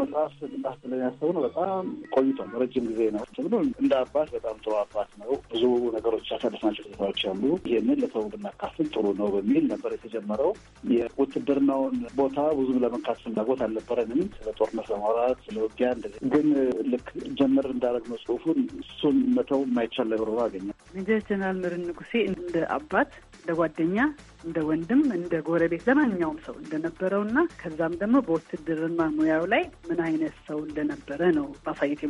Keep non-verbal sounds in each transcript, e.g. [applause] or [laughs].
መጽሐፍ መጽሐፍ ብለን ያሰብነው በጣም ቆይቷል፣ በረጅም ጊዜ ነው። እንደ አባት በጣም ጥሩ አባት ነው። ብዙ ነገሮች ያሳለፍናቸው ሁኔታዎች አሉ። ይህንን ለሰው ብናካፍል ጥሩ ነው በሚል ነበር የተጀመረው። የውትድርናውን ቦታ ብዙም ለመንካት ፍላጎት አልነበረንም። ስለ ጦርነት ለማውራት ስለ ውጊያ እንደዚህ ግን ልክ ጀመር እንዳደረግነው ጽሁፉን እሱን መተው የማይቻል ነገር ሆኖ አገኘ። ጀነራል መርን ንጉሴ እንደ አባት እንደ ጓደኛ፣ እንደ ወንድም፣ እንደ ጎረቤት ለማንኛውም ሰው እንደነበረውና ከዛም ደግሞ በውትድርና ሙያው ላይ ምን አይነት ሰው እንደነበረ ነው ማሳየት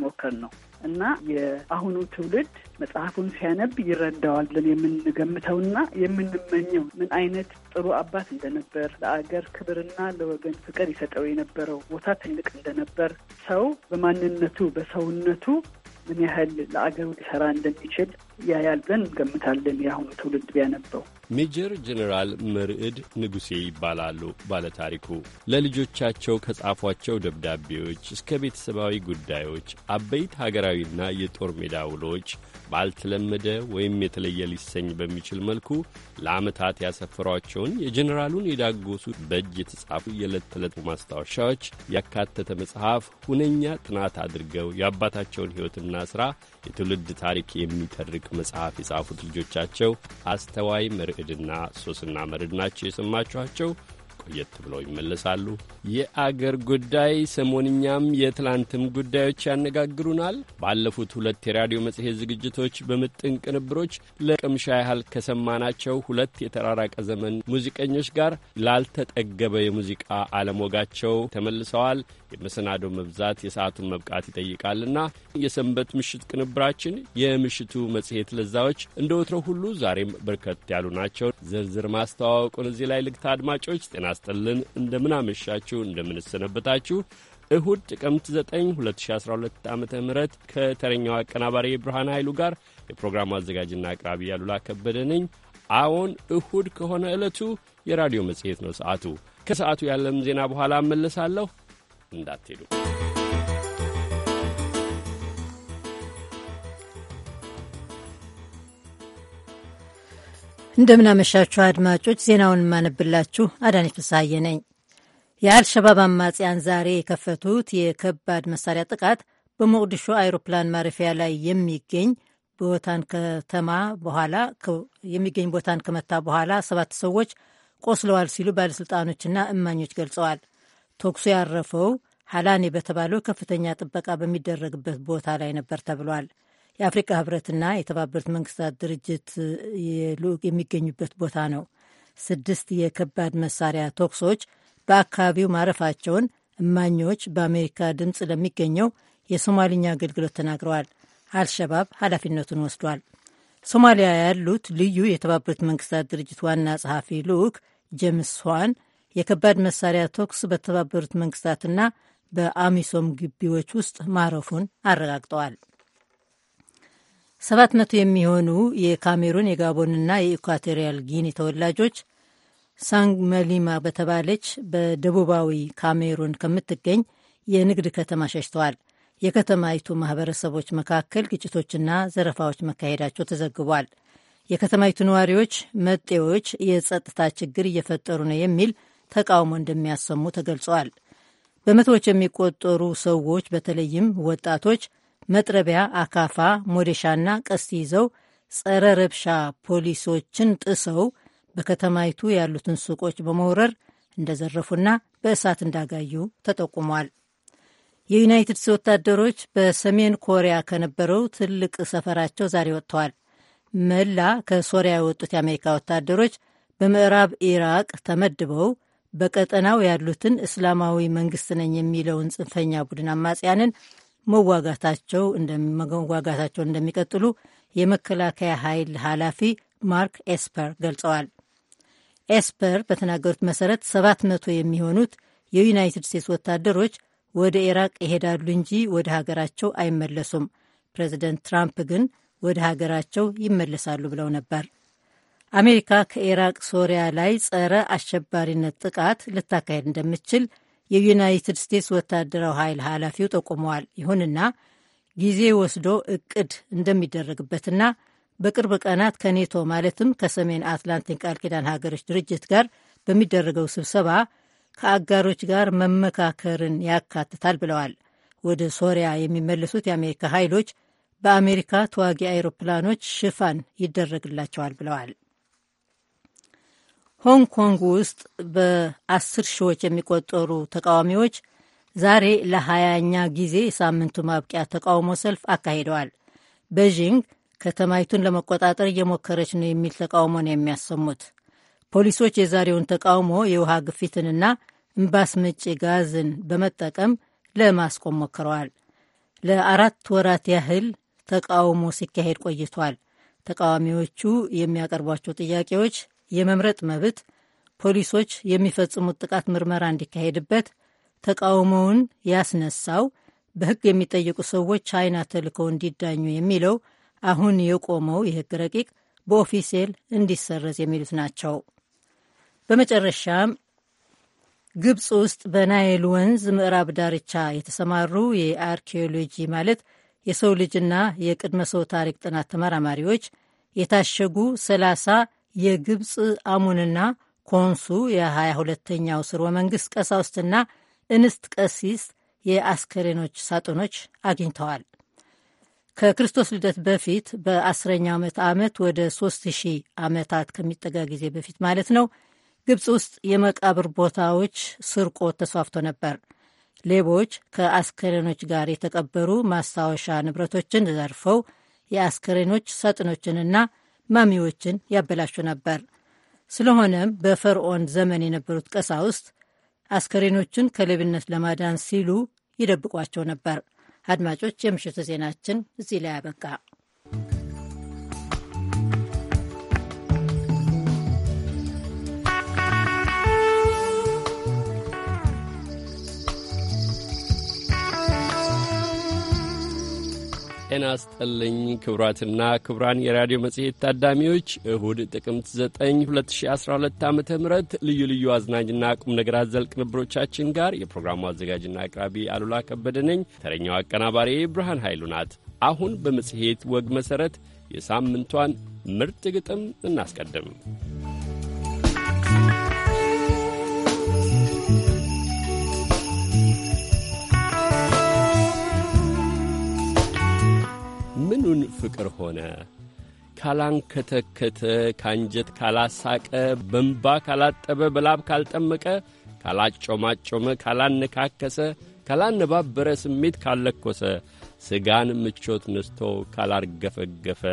ነው እና የአሁኑ ትውልድ መጽሐፉን ሲያነብ ይረዳዋል ብለን የምንገምተውና የምንመኘው ምን አይነት ጥሩ አባት እንደነበር ለአገር ክብርና ለወገን ፍቅር ይሰጠው የነበረው ቦታ ትልቅ እንደነበር ሰው በማንነቱ በሰውነቱ ምን ያህል ለአገሩ ሊሰራ እንደሚችል ያያል ብለን እንገምታለን። የአሁኑ ትውልድ ቢያነበው። ሜጀር ጀኔራል መርዕድ ንጉሴ ይባላሉ ባለታሪኩ። ለልጆቻቸው ከጻፏቸው ደብዳቤዎች እስከ ቤተሰባዊ ጉዳዮች አበይት ሀገራዊና የጦር ሜዳ ውሎች ባልተለመደ ወይም የተለየ ሊሰኝ በሚችል መልኩ ለዓመታት ያሰፈሯቸውን የጀኔራሉን የዳጎሱ በእጅ የተጻፉ የዕለት ተዕለት ማስታወሻዎች ያካተተ መጽሐፍ ሁነኛ ጥናት አድርገው የአባታቸውን ሕይወትና ሥራ የትውልድ ታሪክ የሚተርክ መጽሐፍ የጻፉት ልጆቻቸው አስተዋይ መርዕድና ሶስና መርዕድ ናቸው የሰማችኋቸው። ቆየት ብለው ይመለሳሉ። የአገር ጉዳይ ሰሞንኛም የትላንትም ጉዳዮች ያነጋግሩናል። ባለፉት ሁለት የራዲዮ መጽሔት ዝግጅቶች በምጥን ቅንብሮች ለቅምሻ ያህል ከሰማናቸው ሁለት የተራራቀ ዘመን ሙዚቀኞች ጋር ላልተጠገበ የሙዚቃ አለሞጋቸው ተመልሰዋል። የመሰናዶ መብዛት የሰዓቱን መብቃት ይጠይቃልና የሰንበት ምሽት ቅንብራችን የምሽቱ መጽሔት ለዛዎች እንደ ወትረው ሁሉ ዛሬም በርከት ያሉ ናቸው። ዝርዝር ማስተዋወቁን እዚህ ላይ ልግታ። አድማጮች ጤና ያስጥልን። እንደምናመሻችሁ፣ እንደምንሰነበታችሁ እሁድ ጥቅምት 9 2012 ዓ ም ከተረኛው አቀናባሪ ብርሃን ኃይሉ ጋር የፕሮግራሙ አዘጋጅና አቅራቢ ያሉላ ከበደ ነኝ። አዎን እሁድ ከሆነ ዕለቱ የራዲዮ መጽሔት ነው። ሰዓቱ ከሰዓቱ ያለም ዜና በኋላ እመለሳለሁ። እንዳትሄዱ። እንደምናመሻችሁ አድማጮች፣ ዜናውን የማነብላችሁ አዳነች ፍስሐዬ ነኝ። የአልሸባብ አማጽያን ዛሬ የከፈቱት የከባድ መሳሪያ ጥቃት በሞቅዲሾ አይሮፕላን ማረፊያ ላይ የሚገኝ ቦታን ከተማ በኋላ የሚገኝ ቦታን ከመታ በኋላ ሰባት ሰዎች ቆስለዋል ሲሉ ባለሥልጣኖችና እማኞች ገልጸዋል። ተኩሱ ያረፈው ሐላኔ በተባለው ከፍተኛ ጥበቃ በሚደረግበት ቦታ ላይ ነበር ተብሏል። የአፍሪካ ህብረትና የተባበሩት መንግስታት ድርጅት ልዑክ የሚገኙበት ቦታ ነው። ስድስት የከባድ መሳሪያ ተኩሶች በአካባቢው ማረፋቸውን እማኞች በአሜሪካ ድምፅ ለሚገኘው የሶማሊኛ አገልግሎት ተናግረዋል። አልሸባብ ኃላፊነቱን ወስዷል። ሶማሊያ ያሉት ልዩ የተባበሩት መንግስታት ድርጅት ዋና ጸሐፊ ልዑክ ጄምስ ዋን የከባድ መሳሪያ ተኩስ በተባበሩት መንግስታትና በአሚሶም ግቢዎች ውስጥ ማረፉን አረጋግጠዋል። ሰባት መቶ የሚሆኑ የካሜሩን የጋቦንና የኢኳቶሪያል ጊኒ ተወላጆች ሳንግ መሊማ በተባለች በደቡባዊ ካሜሩን ከምትገኝ የንግድ ከተማ ሸሽተዋል። የከተማይቱ ማህበረሰቦች መካከል ግጭቶችና ዘረፋዎች መካሄዳቸው ተዘግቧል። የከተማይቱ ነዋሪዎች መጤዎች የጸጥታ ችግር እየፈጠሩ ነው የሚል ተቃውሞ እንደሚያሰሙ ተገልጿል። በመቶዎች የሚቆጠሩ ሰዎች በተለይም ወጣቶች መጥረቢያ፣ አካፋ፣ ሞዴሻና ቀስት ይዘው ጸረ ረብሻ ፖሊሶችን ጥሰው በከተማይቱ ያሉትን ሱቆች በመውረር እንደዘረፉና በእሳት እንዳጋዩ ተጠቁሟል። የዩናይትድ ስቴትስ ወታደሮች በሰሜን ኮሪያ ከነበረው ትልቅ ሰፈራቸው ዛሬ ወጥተዋል። መላ ከሶሪያ የወጡት የአሜሪካ ወታደሮች በምዕራብ ኢራቅ ተመድበው በቀጠናው ያሉትን እስላማዊ መንግስት ነኝ የሚለውን ጽንፈኛ ቡድን አማጽያንን መዋጋታቸው መዋጋታቸውን እንደሚቀጥሉ የመከላከያ ኃይል ኃላፊ ማርክ ኤስፐር ገልጸዋል። ኤስፐር በተናገሩት መሰረት ሰባት መቶ የሚሆኑት የዩናይትድ ስቴትስ ወታደሮች ወደ ኢራቅ ይሄዳሉ እንጂ ወደ ሀገራቸው አይመለሱም። ፕሬዚደንት ትራምፕ ግን ወደ ሀገራቸው ይመለሳሉ ብለው ነበር። አሜሪካ ከኢራቅ ሶሪያ ላይ ጸረ አሸባሪነት ጥቃት ልታካሄድ እንደምትችል የዩናይትድ ስቴትስ ወታደራዊ ኃይል ኃላፊው ጠቁመዋል። ይሁንና ጊዜ ወስዶ እቅድ እንደሚደረግበትና በቅርብ ቀናት ከኔቶ ማለትም ከሰሜን አትላንቲክ ቃል ኪዳን ሀገሮች ድርጅት ጋር በሚደረገው ስብሰባ ከአጋሮች ጋር መመካከርን ያካትታል ብለዋል። ወደ ሶሪያ የሚመለሱት የአሜሪካ ኃይሎች በአሜሪካ ተዋጊ አይሮፕላኖች ሽፋን ይደረግላቸዋል ብለዋል። ሆንግ ኮንግ ውስጥ በአስር ሺዎች የሚቆጠሩ ተቃዋሚዎች ዛሬ ለሀያኛ ጊዜ የሳምንቱ ማብቂያ ተቃውሞ ሰልፍ አካሂደዋል። ቤዥንግ ከተማይቱን ለመቆጣጠር እየሞከረች ነው የሚል ተቃውሞ ነው የሚያሰሙት። ፖሊሶች የዛሬውን ተቃውሞ የውሃ ግፊትንና እምባስ መጪ ጋዝን በመጠቀም ለማስቆም ሞክረዋል። ለአራት ወራት ያህል ተቃውሞ ሲካሄድ ቆይቷል። ተቃዋሚዎቹ የሚያቀርቧቸው ጥያቄዎች የመምረጥ መብት ፖሊሶች የሚፈጽሙት ጥቃት ምርመራ እንዲካሄድበት ተቃውሞውን ያስነሳው በሕግ የሚጠየቁ ሰዎች ቻይና ተልከው እንዲዳኙ የሚለው አሁን የቆመው የሕግ ረቂቅ በኦፊሴል እንዲሰረዝ የሚሉት ናቸው። በመጨረሻም ግብፅ ውስጥ በናይል ወንዝ ምዕራብ ዳርቻ የተሰማሩ የአርኪኦሎጂ ማለት የሰው ልጅና የቅድመ ሰው ታሪክ ጥናት ተመራማሪዎች የታሸጉ ሰላሳ የግብፅ አሙንና ኮንሱ የ22ኛው ስርወ መንግሥት ቀሳውስትና እንስት ቀሲስ የአስከሬኖች ሳጥኖች አግኝተዋል። ከክርስቶስ ልደት በፊት በአስረኛው ዓመት ዓመት ወደ ሺህ ዓመታት ከሚጠጋ ጊዜ በፊት ማለት ነው። ግብፅ ውስጥ የመቃብር ቦታዎች ስርቆት ተስፋፍቶ ነበር። ሌቦች ከአስከሬኖች ጋር የተቀበሩ ማስታወሻ ንብረቶችን ዘርፈው የአስከሬኖች ሳጥኖችንና ማሚዎችን ያበላሹ ነበር። ስለሆነም በፈርዖን ዘመን የነበሩት ቀሳውስት አስከሬኖቹን ከሌብነት ለማዳን ሲሉ ይደብቋቸው ነበር። አድማጮች፣ የምሽቱ ዜናችን እዚህ ላይ አበቃ። ጤና ስጠልኝ ክቡራትና ክቡራን የራዲዮ መጽሔት ታዳሚዎች እሁድ ጥቅምት 9 2012 ዓ ም ልዩ ልዩ አዝናኝና ቁም ነገር አዘል ቅንብሮቻችን ጋር የፕሮግራሙ አዘጋጅና አቅራቢ አሉላ ከበደ ነኝ። ተረኛው አቀናባሪ ብርሃን ኃይሉ ናት። አሁን በመጽሔት ወግ መሠረት የሳምንቷን ምርጥ ግጥም እናስቀድም። ምኑን ፍቅር ሆነ ካላንከተከተ ካንጀት ካላሳቀ በንባ ካላጠበ በላብ ካልጠመቀ ካላጮማጮመ ካላነካከሰ ካላነባበረ ስሜት ካልለኮሰ ሥጋን ምቾት ነስቶ ካላርገፈገፈ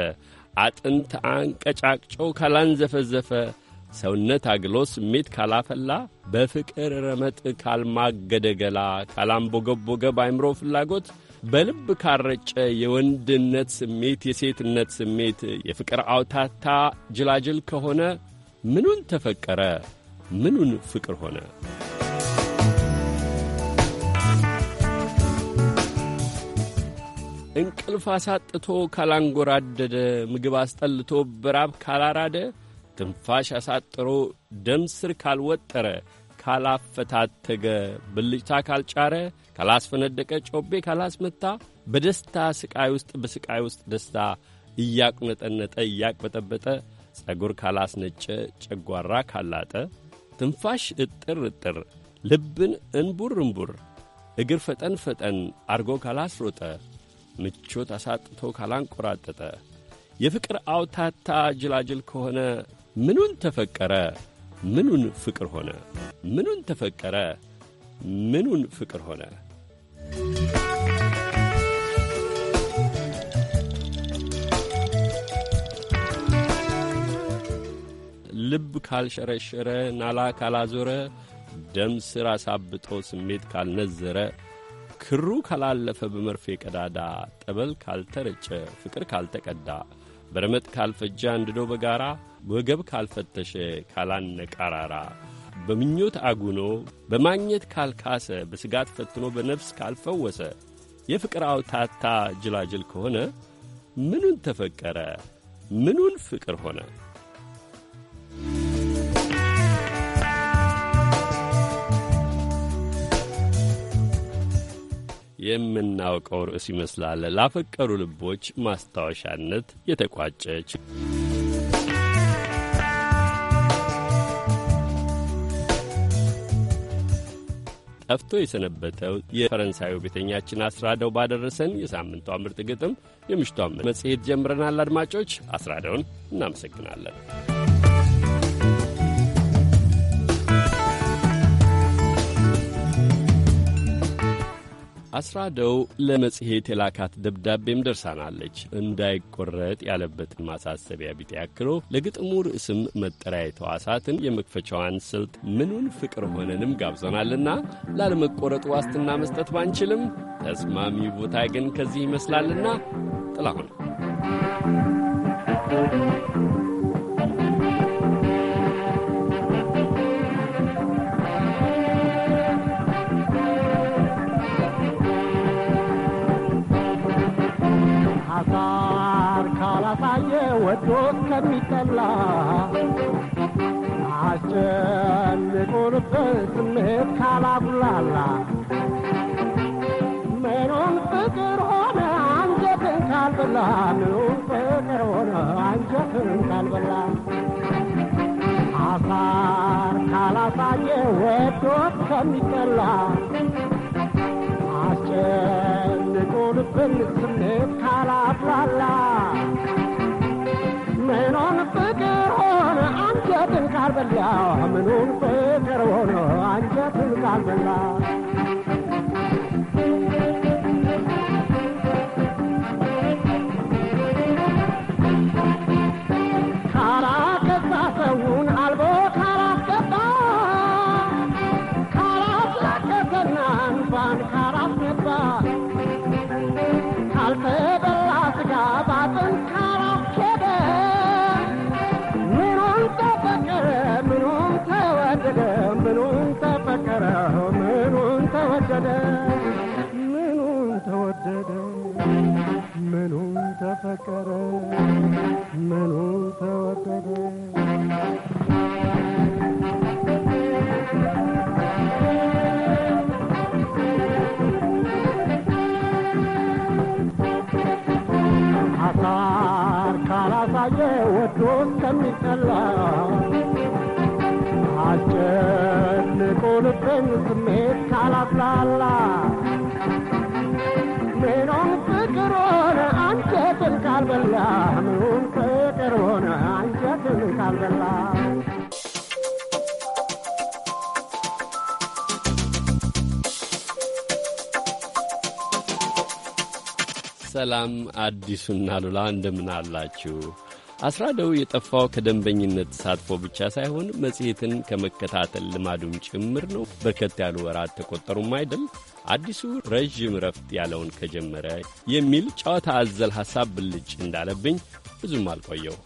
አጥንት አንቀጫቅጮ ካላንዘፈዘፈ ሰውነት አግሎ ስሜት ካላፈላ በፍቅር ረመጥ ካልማገደገላ ካላምቦገቦገ ባይምሮ ፍላጎት በልብ ካረጨ የወንድነት ስሜት የሴትነት ስሜት የፍቅር አውታታ ጅላጅል ከሆነ ምኑን ተፈቀረ? ምኑን ፍቅር ሆነ? እንቅልፍ አሳጥቶ ካላንጎራደደ፣ ምግብ አስጠልቶ በራብ ካላራደ፣ ትንፋሽ አሳጥሮ ደም ስር ካልወጠረ፣ ካላፈታተገ፣ ብልጭታ ካልጫረ ካላስፈነደቀ፣ ጮቤ ካላስመታ፣ በደስታ ስቃይ ውስጥ በስቃይ ውስጥ ደስታ እያቁነጠነጠ እያቅበጠበጠ፣ ጸጉር ካላስነጨ፣ ጨጓራ ካላጠ፣ ትንፋሽ እጥር እጥር፣ ልብን እንቡር እንቡር፣ እግር ፈጠን ፈጠን አርጎ ካላስሮጠ፣ ምቾት አሳጥቶ ካላንቆራጠጠ፣ የፍቅር አውታታ ጅላጅል ከሆነ ምኑን ተፈቀረ? ምኑን ፍቅር ሆነ? ምኑን ተፈቀረ? ምኑን ፍቅር ሆነ? ልብ ካልሸረሸረ፣ ናላ ካላዞረ፣ ደም ስር አሳብጦ ስሜት ካልነዘረ፣ ክሩ ካላለፈ በመርፌ ቀዳዳ፣ ጠበል ካልተረጨ፣ ፍቅር ካልተቀዳ፣ በረመጥ ካልፈጀ አንድዶ በጋራ፣ ወገብ ካልፈተሸ፣ ካላነቃራራ በምኞት አጉኖ በማግኘት ካልካሰ በስጋት ፈትኖ በነፍስ ካልፈወሰ የፍቅር አውታታ ጅላጅል ከሆነ ምኑን ተፈቀረ? ምኑን ፍቅር ሆነ? የምናውቀው ርዕስ ይመስላል። ላፈቀሩ ልቦች ማስታወሻነት የተቋጨች ጠፍቶ የሰነበተው የፈረንሳዩ ቤተኛችን አስራደው ባደረሰን የሳምንቷ ምርጥ ግጥም የምሽቷ መጽሔት ጀምረናል። አድማጮች አስራደውን እናመሰግናለን። አስራደው ለመጽሔት የላካት ደብዳቤም ደርሳናለች። እንዳይቆረጥ ያለበትን ማሳሰቢያ ቢጤ ያክሎ ለግጥሙ ርዕስም መጠሪያ የተዋሳትን የመክፈቻዋን ስልት ምኑን ፍቅር ሆነንም ጋብዘናልና ላለመቆረጡ ዋስትና መስጠት ባንችልም ተስማሚ ቦታ ግን ከዚህ ይመስላልና ጥላሁን ሞቶ ከሚጠላ አስጨንቆንበት ስሜት ካላጉላላ ምኑን ፍቅር ሆነ አንጀትን ካልበላ ምኑን ፍቅር ሆነ አንጀትን ካልበላ አሳር ካላሳየ ወዶት ከሚጠላ አስጨንቆንብን ስሜት ካላጉላላ ምኑን ፍቅር ሆነ አንጀትን ካልበላ ምኑን ፍቅር ሆነ አንጀትን ካልበላ ተፈቀረ ምኑ ተወደደ አሳር ካላሳየ ወዶ እስከሚጠላ አጨንቆ ልቤን ስሜት ካላብላላ ሜኖን ካልበላ ምኑም ሆነ ካልበላ ሰላም አዲሱና ሉላ እንደምን አላችሁ? አስራደው የጠፋው ከደንበኝነት ተሳትፎ ብቻ ሳይሆን መጽሔትን ከመከታተል ልማዱም ጭምር ነው። በርከት ያሉ ወራት ተቆጠሩም አይደል? አዲሱ ረዥም ረፍት ያለውን ከጀመረ የሚል ጨዋታ አዘል ሐሳብ ብልጭ እንዳለብኝ ብዙም አልቆየው።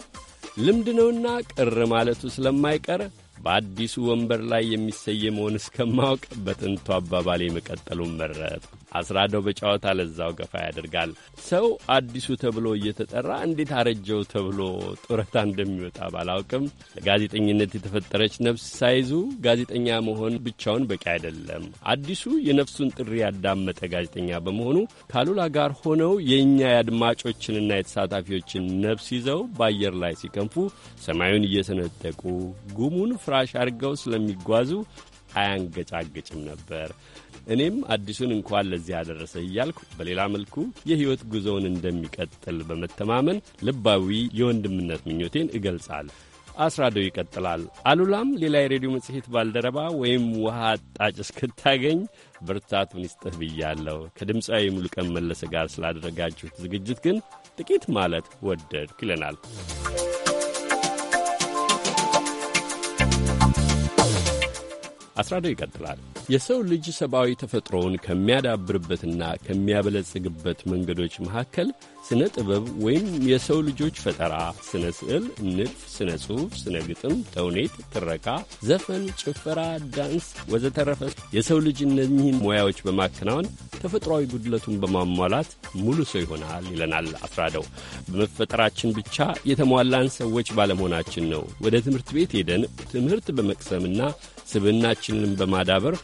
ልምድ ነውና ቅር ማለቱ ስለማይቀር በአዲሱ ወንበር ላይ የሚሰየመውን እስከማወቅ በጥንቱ አባባሌ መቀጠሉን መረጥ። አስራደው በጨዋታ ለዛው ገፋ ያደርጋል። ሰው አዲሱ ተብሎ እየተጠራ እንዴት አረጀው ተብሎ ጡረታ እንደሚወጣ ባላውቅም ለጋዜጠኝነት የተፈጠረች ነፍስ ሳይዙ ጋዜጠኛ መሆን ብቻውን በቂ አይደለም። አዲሱ የነፍሱን ጥሪ ያዳመጠ ጋዜጠኛ በመሆኑ ካሉላ ጋር ሆነው የእኛ የአድማጮችንና የተሳታፊዎችን ነፍስ ይዘው በአየር ላይ ሲከንፉ ሰማዩን እየሰነጠቁ ጉሙን ፍራሽ አድርገው ስለሚጓዙ አያንገጫግጭም ነበር። እኔም አዲሱን እንኳን ለዚህ አደረሰ እያልኩ በሌላ መልኩ የሕይወት ጉዞውን እንደሚቀጥል በመተማመን ልባዊ የወንድምነት ምኞቴን እገልጻል። አስራዶ ይቀጥላል። አሉላም ሌላ የሬዲዮ መጽሔት ባልደረባ ወይም ውሃ አጣጭ እስክታገኝ ብርታቱን ይስጥህ ብያለሁ። ከድምፃዊ ሙሉቀን መለሰ ጋር ስላደረጋችሁት ዝግጅት ግን ጥቂት ማለት ወደድኩ ይለናል። አስራደው ይቀጥላል። የሰው ልጅ ሰብአዊ ተፈጥሮውን ከሚያዳብርበትና ከሚያበለጽግበት መንገዶች መካከል ስነ ጥበብ ወይም የሰው ልጆች ፈጠራ፣ ስነ ስዕል፣ ንድፍ፣ ስነ ጽሑፍ፣ ስነ ግጥም፣ ተውኔት፣ ትረካ፣ ዘፈን፣ ጭፈራ፣ ዳንስ ወዘተረፈ የሰው ልጅ እነኚህን ሙያዎች በማከናወን ተፈጥሯዊ ጉድለቱን በማሟላት ሙሉ ሰው ይሆናል ይለናል አስራደው። በመፈጠራችን ብቻ የተሟላን ሰዎች ባለመሆናችን ነው ወደ ትምህርት ቤት ሄደን ትምህርት በመቅሰምና ስብናችንን በማዳበር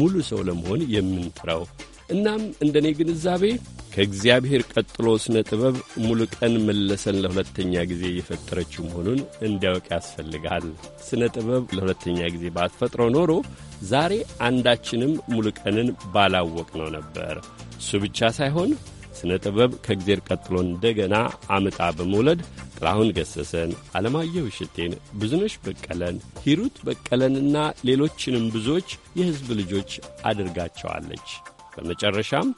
ሙሉ ሰው ለመሆን የምንጥረው እናም እንደ እኔ ግንዛቤ ከእግዚአብሔር ቀጥሎ ስነ ጥበብ ቀን መለሰን ለሁለተኛ ጊዜ እየፈጠረችው መሆኑን እንዲያውቅ ያስፈልጋል። ስነ ጥበብ ለሁለተኛ ጊዜ ባትፈጥረው ኖሮ ዛሬ አንዳችንም ቀንን ባላወቅ ነው ነበር። እሱ ብቻ ሳይሆን ስነ ጥበብ ከእግዜር ቀጥሎ እንደገና አምጣ በመውለድ ጥላሁን ገሰሰን፣ አለማየሁ እሸቴን፣ ብዙነሽ በቀለን፣ ሂሩት በቀለንና ሌሎችንም ብዙዎች የሕዝብ ልጆች አድርጋቸዋለች። በመጨረሻም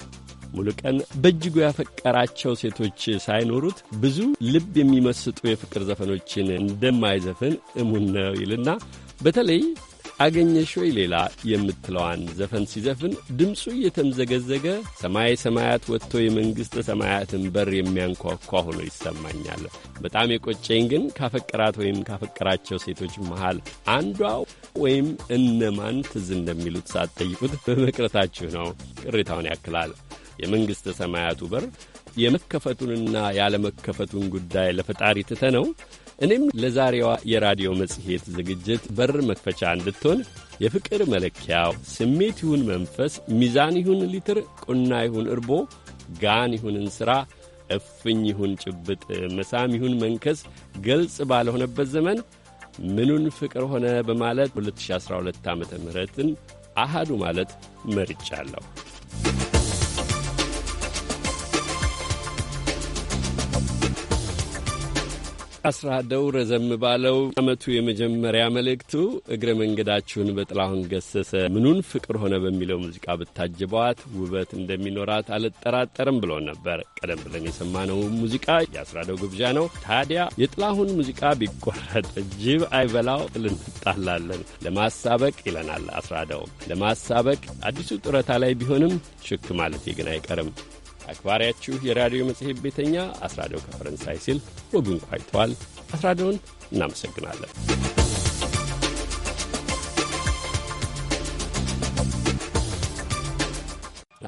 ሙሉቀን በእጅጉ ያፈቀራቸው ሴቶች ሳይኖሩት ብዙ ልብ የሚመስጡ የፍቅር ዘፈኖችን እንደማይዘፍን እሙን ነው ይልና በተለይ አገኘሽ ወይ ሌላ የምትለዋን ዘፈን ሲዘፍን ድምፁ እየተምዘገዘገ ሰማይ ሰማያት ወጥቶ የመንግሥተ ሰማያትን በር የሚያንኳኳ ሆኖ ይሰማኛል። በጣም የቆጨኝ ግን ካፈቀራት ወይም ካፈቀራቸው ሴቶች መሃል አንዷ ወይም እነማን ትዝ እንደሚሉት ሳትጠይቁት በመቅረታችሁ ነው። ቅሬታውን ያክላል። የመንግሥተ ሰማያቱ በር የመከፈቱንና ያለመከፈቱን ጉዳይ ለፈጣሪ ትተነው እኔም ለዛሬዋ የራዲዮ መጽሔት ዝግጅት በር መክፈቻ እንድትሆን የፍቅር መለኪያው ስሜት ይሁን መንፈስ፣ ሚዛን ይሁን ሊትር፣ ቁና ይሁን እርቦ፣ ጋን ይሁን እንስራ፣ እፍኝ ይሁን ጭብጥ፣ መሳም ይሁን መንከስ ገልጽ ባልሆነበት ዘመን ምኑን ፍቅር ሆነ በማለት 2012 ዓ ምትን አሃዱ ማለት መርጫለሁ። አስራደው ረዘም ባለው ዓመቱ የመጀመሪያ መልእክቱ እግረ መንገዳችሁን በጥላሁን ገሰሰ ምኑን ፍቅር ሆነ በሚለው ሙዚቃ ብታጅበዋት ውበት እንደሚኖራት አልጠራጠርም ብሎ ነበር። ቀደም ብለን የሰማነው ሙዚቃ የአስራደው ግብዣ ነው። ታዲያ የጥላሁን ሙዚቃ ቢቆረጥ ጅብ አይበላው ልንጣላለን። ለማሳበቅ ይለናል አስራደው፣ ለማሳበቅ አዲሱ ጡረታ ላይ ቢሆንም ሽክ ማለት ግን አይቀርም። አክባሪያችሁ የራዲዮ መጽሔት ቤተኛ አስራደው ከፈረንሳይ ሲል ወጉን ቋይተዋል። አስራደውን እናመሰግናለን።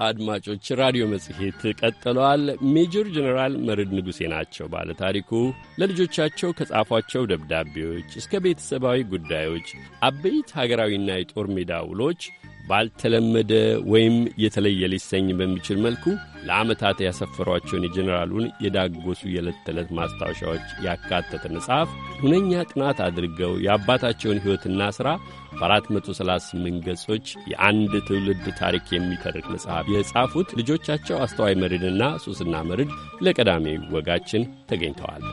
አድማጮች፣ ራዲዮ መጽሔት ቀጥለዋል። ሜጀር ጀኔራል መርድ ንጉሴ ናቸው ባለ ታሪኩ ለልጆቻቸው ከጻፏቸው ደብዳቤዎች እስከ ቤተሰባዊ ጉዳዮች አበይት ሀገራዊና የጦር ሜዳ ውሎች ባልተለመደ ወይም የተለየ ሊሰኝ በሚችል መልኩ ለዓመታት ያሰፈሯቸውን የጀኔራሉን የዳጎሱ የዕለት ተዕለት ማስታወሻዎች ያካተተ መጽሐፍ ሁነኛ ጥናት አድርገው የአባታቸውን ሕይወትና ሥራ በ438 ገጾች የአንድ ትውልድ ታሪክ የሚተርክ መጽሐፍ የጻፉት ልጆቻቸው አስተዋይ መርድና ሱስና መርድ ለቀዳሚ ወጋችን ተገኝተዋል።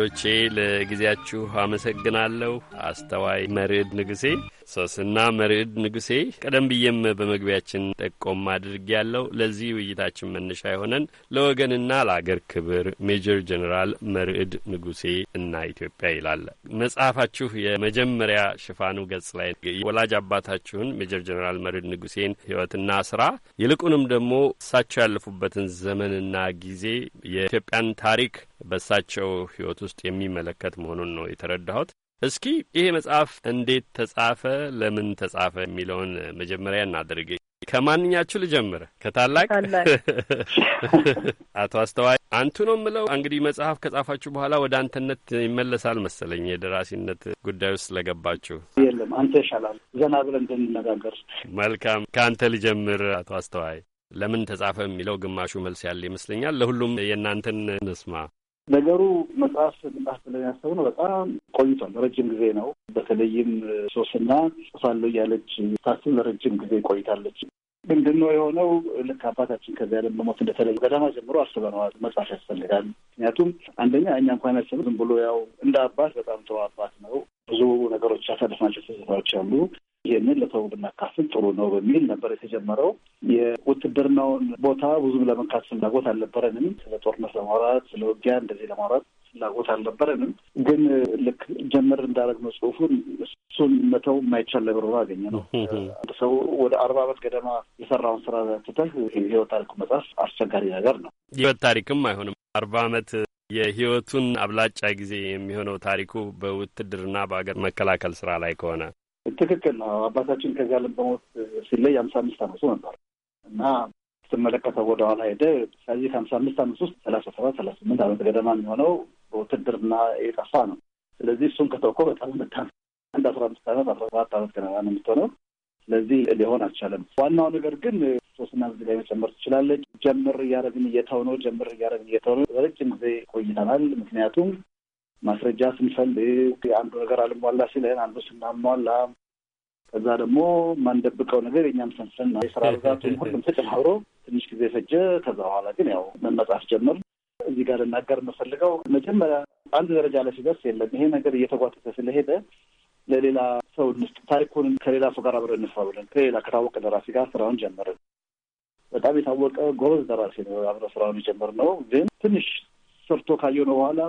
እንግዶቼ ለጊዜያችሁ አመሰግናለሁ። አስተዋይ መርዕድ ንጉሴ ሰስና መርዕድ ንጉሴ ቀደም ብዬም በመግቢያችን ጠቆም አድርግ ያለው ለዚህ ውይይታችን መነሻ የሆነን ለወገንና ለአገር ክብር ሜጀር ጀኔራል መርዕድ ንጉሴ እና ኢትዮጵያ ይላል መጽሐፋችሁ። የመጀመሪያ ሽፋኑ ገጽ ላይ ወላጅ አባታችሁን ሜጀር ጀኔራል መርዕድ ንጉሴን ህይወትና ስራ ይልቁንም ደግሞ እሳቸው ያለፉበትን ዘመንና ጊዜ የኢትዮጵያን ታሪክ በእሳቸው ህይወት ውስጥ የሚመለከት መሆኑን ነው የተረዳሁት። እስኪ ይሄ መጽሐፍ እንዴት ተጻፈ፣ ለምን ተጻፈ የሚለውን መጀመሪያ እናድርግ። ከማንኛችሁ ልጀምር? ከታላቅ [laughs] አቶ አስተዋይ አንቱ ነው የምለው። እንግዲህ መጽሐፍ ከጻፋችሁ በኋላ ወደ አንተነት ይመለሳል መሰለኝ የደራሲነት ጉዳይ ውስጥ ስለገባችሁ። የለም አንተ ይሻላል፣ ዘና ብለን እንድንነጋገር። መልካም፣ ከአንተ ልጀምር አቶ አስተዋይ። ለምን ተጻፈ የሚለው ግማሹ መልስ ያለ ይመስለኛል። ለሁሉም የእናንተን ንስማ። ነገሩ መጽሐፍ መጽሐፍ ብለን ያሰብነው በጣም ቆይቷል። ረጅም ጊዜ ነው። በተለይም ሶስና ጽፋለሁ እያለች ታስብ ለረጅም ጊዜ ቆይታለች። ምንድን ነው የሆነው? ልክ አባታችን ከዚያ ዓለም በሞት እንደተለዩ ገዳማ ጀምሮ አስበነዋል። መጽሐፍ ያስፈልጋል። ምክንያቱም አንደኛ እኛ እንኳን ያሰብ ዝም ብሎ ያው እንደ አባት በጣም ጥሩ አባት ነው። ብዙ ነገሮች ያሳለፍናቸው ትዝታዎች አሉ። ይህንን ለሰው ብናካፍል ጥሩ ነው በሚል ነበር የተጀመረው። የውትድርናውን ቦታ ብዙም ለመንካት ፍላጎት አልነበረንም። ስለ ጦርነት ለማውራት ስለ ውጊያ እንደዚህ ለማውራት ፍላጎት አልነበረንም። ግን ልክ ጀመር እንዳደረግ ነው ጽሁፉን እሱን መተው የማይቻል ነገር ሆኖ አገኘ ነው። አንድ ሰው ወደ አርባ አመት ገደማ የሰራውን ስራ ትተህ የህይወት ታሪኩ መጽሐፍ አስቸጋሪ ነገር ነው። ህይወት ታሪክም አይሆንም አርባ አመት የህይወቱን አብላጫ ጊዜ የሚሆነው ታሪኩ በውትድርና በሀገር መከላከል ስራ ላይ ከሆነ ትክክል ነው። አባታችን ከዚህ ዓለም በሞት ሲለይ ሀምሳ አምስት አመቱ ነበር እና ስትመለከተው ወደኋላ ሄደ ከዚህ ከሀምሳ አምስት አመት ውስጥ ሰላሳ ሰባት ሰላሳ ስምንት አመት ገደማ የሚሆነው በውትድርና የጠፋ ነው። ስለዚህ እሱን ከተውኮ በጣም መታ አንድ አስራ አምስት ዓመት አስራ ሰባት ዓመት ገና ነው የምትሆነው። ስለዚህ ሊሆን አልቻለም። ዋናው ነገር ግን ሶስትና ጊዜ ላይ መጨመር ትችላለች። ጀምር እያደረግን እየተው ነው ጀምር እያደረግን እየተው ነው። በረጅም ጊዜ ቆይተናል። ምክንያቱም ማስረጃ ስንፈልግ አንዱ ነገር አልሟላ ሲለን አንዱ ስናሟላ ከዛ ደግሞ ማንደብቀው ነገር የኛም ሰንሰን ነው የስራ ብዛቱም ሁሉም ተጨማምሮ ትንሽ ጊዜ ፈጀ። ከዛ በኋላ ግን ያው መመጻፍ ጀመር። እዚህ ጋር ልናገር የምፈልገው መጀመሪያ አንድ ደረጃ ላይ ሲደርስ የለም ይሄ ነገር እየተጓተተ ስለሄደ ለሌላ ሰው እንስጥ፣ ታሪኩን ከሌላ ሰው ጋር አብረን እንስራ ብለን ከሌላ ከታወቀ ደራሲ ጋር ስራውን ጀመርን። በጣም የታወቀ ጎበዝ ደራሲ ነው። አብረ ስራውን ጀምር ነው ግን ትንሽ ሰርቶ ካየ ነው በኋላ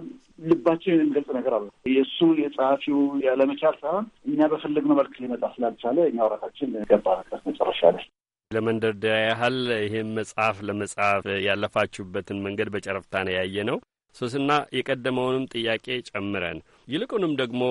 ልባችን የሚገልጽ ነገር አለ። የእሱ የጸሐፊው ያለመቻል ሳይሆን እኛ በፈለግነው መልክ ሊመጣ ስላልቻለ እኛ ወራታችን ገባ ነበር መጨረሻ ላይ ለመንደርደሪያ ያህል ይህም መጽሐፍ ለመጽሐፍ ያለፋችሁበትን መንገድ በጨረፍታ ነው ያየ ነው ሶስና የቀደመውንም ጥያቄ ጨምረን ይልቁንም ደግሞ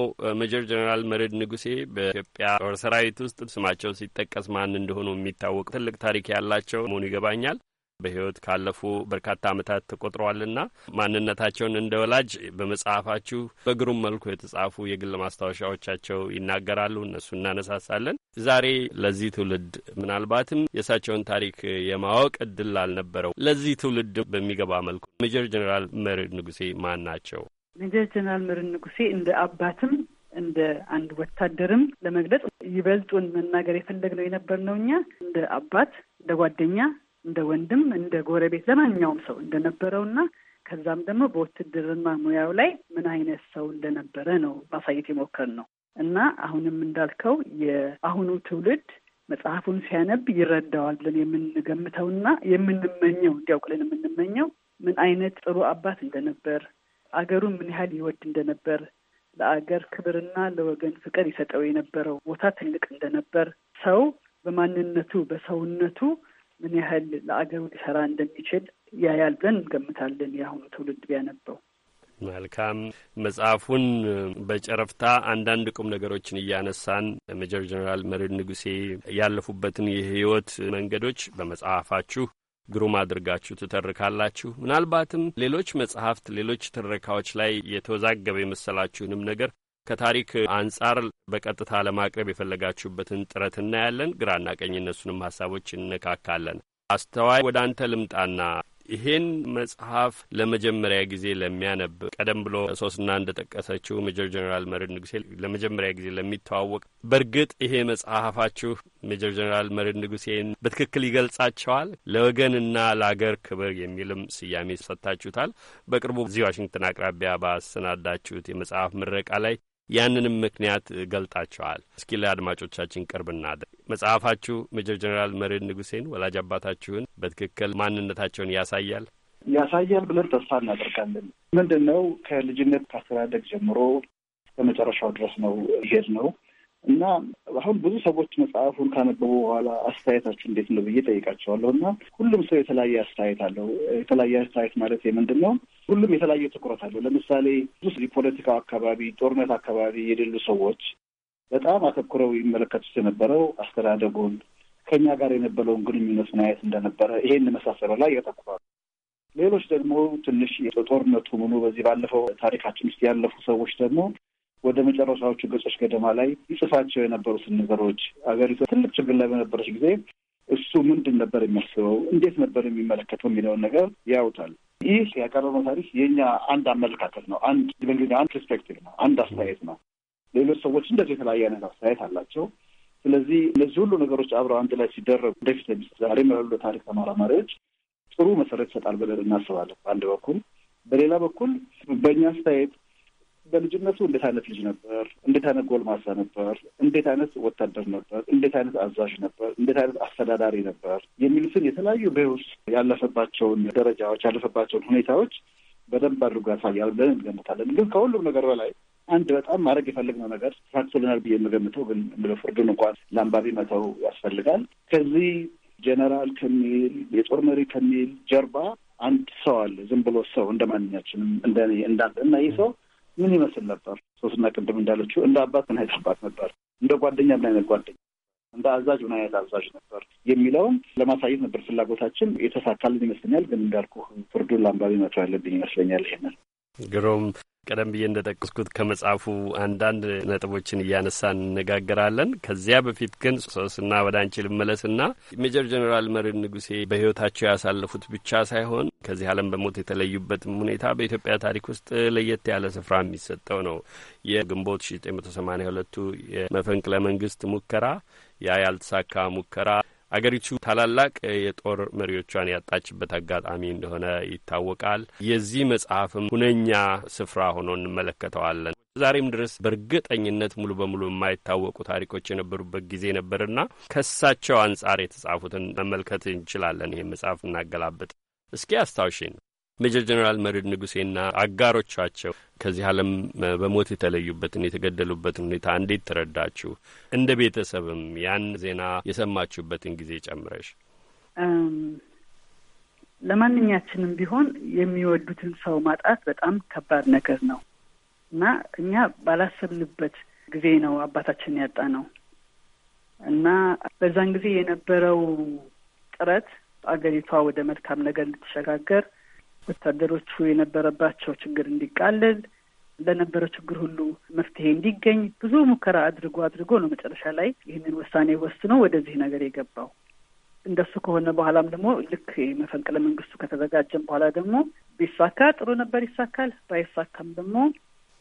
ሜጀር ጀኔራል መርዕድ ንጉሴ በኢትዮጵያ ጦር ሰራዊት ውስጥ ስማቸው ሲጠቀስ ማን እንደሆኑ የሚታወቅ ትልቅ ታሪክ ያላቸው መሆኑ ይገባኛል። በህይወት ካለፉ በርካታ ዓመታት ተቆጥረዋልና ማንነታቸውን እንደ ወላጅ በመጽሐፋችሁ በግሩም መልኩ የተጻፉ የግል ማስታወሻዎቻቸው ይናገራሉ። እነሱ እናነሳሳለን። ዛሬ ለዚህ ትውልድ ምናልባትም የእሳቸውን ታሪክ የማወቅ እድል አልነበረው ለዚህ ትውልድ በሚገባ መልኩ ሜጀር ጀኔራል መር ንጉሴ ማን ናቸው? ሜጀር ጀኔራል መርዕድ ንጉሴ እንደ አባትም እንደ አንድ ወታደርም ለመግለጽ ይበልጡን መናገር የፈለግነው የነበር ነው እኛ እንደ አባት እንደ ጓደኛ እንደ ወንድም እንደ ጎረቤት ለማንኛውም ሰው እንደነበረውና ከዛም ደግሞ በውትድርና ሙያው ላይ ምን አይነት ሰው እንደነበረ ነው ማሳየት የሞከር ነው እና አሁንም እንዳልከው የአሁኑ ትውልድ መጽሐፉን ሲያነብ ይረዳዋል ብለን የምንገምተውና የምንመኘው እንዲያውቅ የምንመኘው ምን አይነት ጥሩ አባት እንደነበር፣ አገሩን ምን ያህል ይወድ እንደነበር፣ ለአገር ክብርና ለወገን ፍቅር ይሰጠው የነበረው ቦታ ትልቅ እንደነበር፣ ሰው በማንነቱ በሰውነቱ ምን ያህል ለአገሩ ሊሰራ እንደሚችል ያያል ብለን እንገምታለን። የአሁኑ ትውልድ ቢያነበው መልካም። መጽሐፉን በጨረፍታ አንዳንድ ቁም ነገሮችን እያነሳን ሜጀር ጀኔራል መሪድ ንጉሴ ያለፉበትን የህይወት መንገዶች በመጽሐፋችሁ ግሩም አድርጋችሁ ትተርካላችሁ። ምናልባትም ሌሎች መጽሐፍት፣ ሌሎች ትረካዎች ላይ የተወዛገበ የመሰላችሁንም ነገር ከታሪክ አንጻር በቀጥታ ለማቅረብ የፈለጋችሁበትን ጥረት እናያለን። ግራና ቀኝ እነሱንም ሀሳቦች እንነካካለን። አስተዋይ ወደ አንተ ልምጣና ይሄን መጽሐፍ ለመጀመሪያ ጊዜ ለሚያነብ ቀደም ብሎ ሶስና እንደጠቀሰችው ሜጀር ጀኔራል መሪድ ንጉሴ ለመጀመሪያ ጊዜ ለሚተዋወቅ በእርግጥ ይሄ መጽሐፋችሁ ሜጀር ጀኔራል መሪድ ንጉሴን በትክክል ይገልጻቸዋል። ለወገንና ለአገር ክብር የሚልም ስያሜ ሰጥታችሁታል። በቅርቡ እዚህ ዋሽንግተን አቅራቢያ ባሰናዳችሁት የመጽሐፍ ምረቃ ላይ ያንንም ምክንያት ገልጣቸዋል። እስኪ ለአድማጮቻችን ቅርብ እናድርግ። መጽሐፋችሁ ሜጀር ጀኔራል መሬድ ንጉሴን ወላጅ አባታችሁን በትክክል ማንነታቸውን ያሳያል ያሳያል ብለን ተስፋ እናደርጋለን። ምንድን ነው ከልጅነት ካስተዳደግ ጀምሮ በመጨረሻው ድረስ ነው ይሄድ ነው እና አሁን ብዙ ሰዎች መጽሐፉን ካነበቡ በኋላ አስተያየታችሁ እንዴት ነው ብዬ ጠይቃቸዋለሁ። እና ሁሉም ሰው የተለያየ አስተያየት አለው። የተለያየ አስተያየት ማለት የምንድን ነው? ሁሉም የተለያየ ትኩረት አለው። ለምሳሌ ብዙ ፖለቲካው አካባቢ፣ ጦርነት አካባቢ የሌሉ ሰዎች በጣም አተኩረው ይመለከቱት የነበረው አስተዳደጉን፣ ከኛ ጋር የነበረውን ግንኙነት ማየት እንደነበረ፣ ይሄን መሳሰሉ ላይ ያተኩራሉ። ሌሎች ደግሞ ትንሽ ጦርነቱ ምኑ በዚህ ባለፈው ታሪካችን ውስጥ ያለፉ ሰዎች ደግሞ ወደ መጨረሻዎቹ ገጾች ገደማ ላይ ይጽፋቸው የነበሩትን ነገሮች አገሪቱ ትልቅ ችግር ላይ በነበረች ጊዜ እሱ ምንድን ነበር የሚያስበው፣ እንዴት ነበር የሚመለከተው የሚለውን ነገር ያውታል። ይህ ያቀረበው ታሪክ የኛ አንድ አመለካከት ነው። አንድ በእንግሊዝኛ አንድ ፐርስፔክቲቭ ነው፣ አንድ አስተያየት ነው። ሌሎች ሰዎች እንደዚህ የተለያየ አይነት አስተያየት አላቸው። ስለዚህ እነዚህ ሁሉ ነገሮች አብረው አንድ ላይ ሲደረጉ ወደፊት ዛሬ ያሉ ታሪክ ተመራማሪዎች ጥሩ መሰረት ይሰጣል ብለን እናስባለን በአንድ በኩል በሌላ በኩል በእኛ አስተያየት በልጅነቱ እንዴት አይነት ልጅ ነበር? እንዴት አይነት ጎልማሳ ነበር? እንዴት አይነት ወታደር ነበር? እንዴት አይነት አዛዥ ነበር? እንዴት አይነት አስተዳዳሪ ነበር? የሚሉትን የተለያዩ በሕይወት ያለፈባቸውን ደረጃዎች ያለፈባቸውን ሁኔታዎች በደንብ አድርጎ ያሳያል ብለን እንገምታለን። ግን ከሁሉም ነገር በላይ አንድ በጣም ማድረግ የፈለግነው ነገር ተሳክቶልናል ብዬ የምገምተው ግን ፍርዱን እንኳን ለአንባቢ መተው ያስፈልጋል። ከዚህ ጀነራል ከሚል የጦር መሪ ከሚል ጀርባ አንድ ሰው አለ። ዝም ብሎ ሰው እንደ ማንኛችንም እንደ እኔ እንዳንተ እና ይህ ሰው ምን ይመስል ነበር? ሶስና ቅድም እንዳለችው እንደ አባት ምን አይነት አባት ነበር? እንደ ጓደኛ ምን አይነት ጓደኛ እንደ አዛዥ ምን አይነት አዛዥ ነበር የሚለውን ለማሳየት ነበር ፍላጎታችን። የተሳካልን ይመስለኛል። ግን እንዳልኩ ፍርዱን ለአንባቢ መተው ያለብኝ ይመስለኛል። ይሄንን ግሩም ቀደም ብዬ እንደጠቀስኩት ከመጽሐፉ አንዳንድ ነጥቦችን እያነሳ እንነጋገራለን። ከዚያ በፊት ግን ሶስና ወደ አንቺ ልመለስና ሜጀር ጀኔራል መሪድ ንጉሴ በህይወታቸው ያሳለፉት ብቻ ሳይሆን ከዚህ ዓለም በሞት የተለዩበትም ሁኔታ በኢትዮጵያ ታሪክ ውስጥ ለየት ያለ ስፍራ የሚሰጠው ነው። የግንቦት 1982ቱ የመፈንቅለ መንግስት ሙከራ ያ ያልተሳካ ሙከራ አገሪቱ ታላላቅ የጦር መሪዎቿን ያጣችበት አጋጣሚ እንደሆነ ይታወቃል። የዚህ መጽሐፍም ሁነኛ ስፍራ ሆኖ እንመለከተዋለን። ዛሬም ድረስ በእርግጠኝነት ሙሉ በሙሉ የማይታወቁ ታሪኮች የነበሩበት ጊዜ ነበርና ከሳቸው አንጻር የተጻፉትን መመልከት እንችላለን። ይህ መጽሐፍ እናገላብጥ። እስኪ አስታውሽን ሜጀር ጀኔራል መሪድ ንጉሴና አጋሮቻቸው ከዚህ ዓለም በሞት የተለዩበትን የተገደሉበትን ሁኔታ እንዴት ተረዳችሁ? እንደ ቤተሰብም ያን ዜና የሰማችሁበትን ጊዜ ጨምረሽ ለማንኛችንም ቢሆን የሚወዱትን ሰው ማጣት በጣም ከባድ ነገር ነው እና እኛ ባላሰብንበት ጊዜ ነው አባታችን ያጣ ነው እና በዛን ጊዜ የነበረው ጥረት አገሪቷ ወደ መልካም ነገር እንድትሸጋገር ወታደሮቹ የነበረባቸው ችግር እንዲቃለል ለነበረው ችግር ሁሉ መፍትሄ እንዲገኝ ብዙ ሙከራ አድርጎ አድርጎ ነው መጨረሻ ላይ ይህንን ውሳኔ ወስኖ ወደዚህ ነገር የገባው። እንደሱ ከሆነ በኋላም ደግሞ ልክ መፈንቅለ መንግስቱ ከተዘጋጀም በኋላ ደግሞ ቢሳካ ጥሩ ነበር፣ ይሳካል። ባይሳካም ደግሞ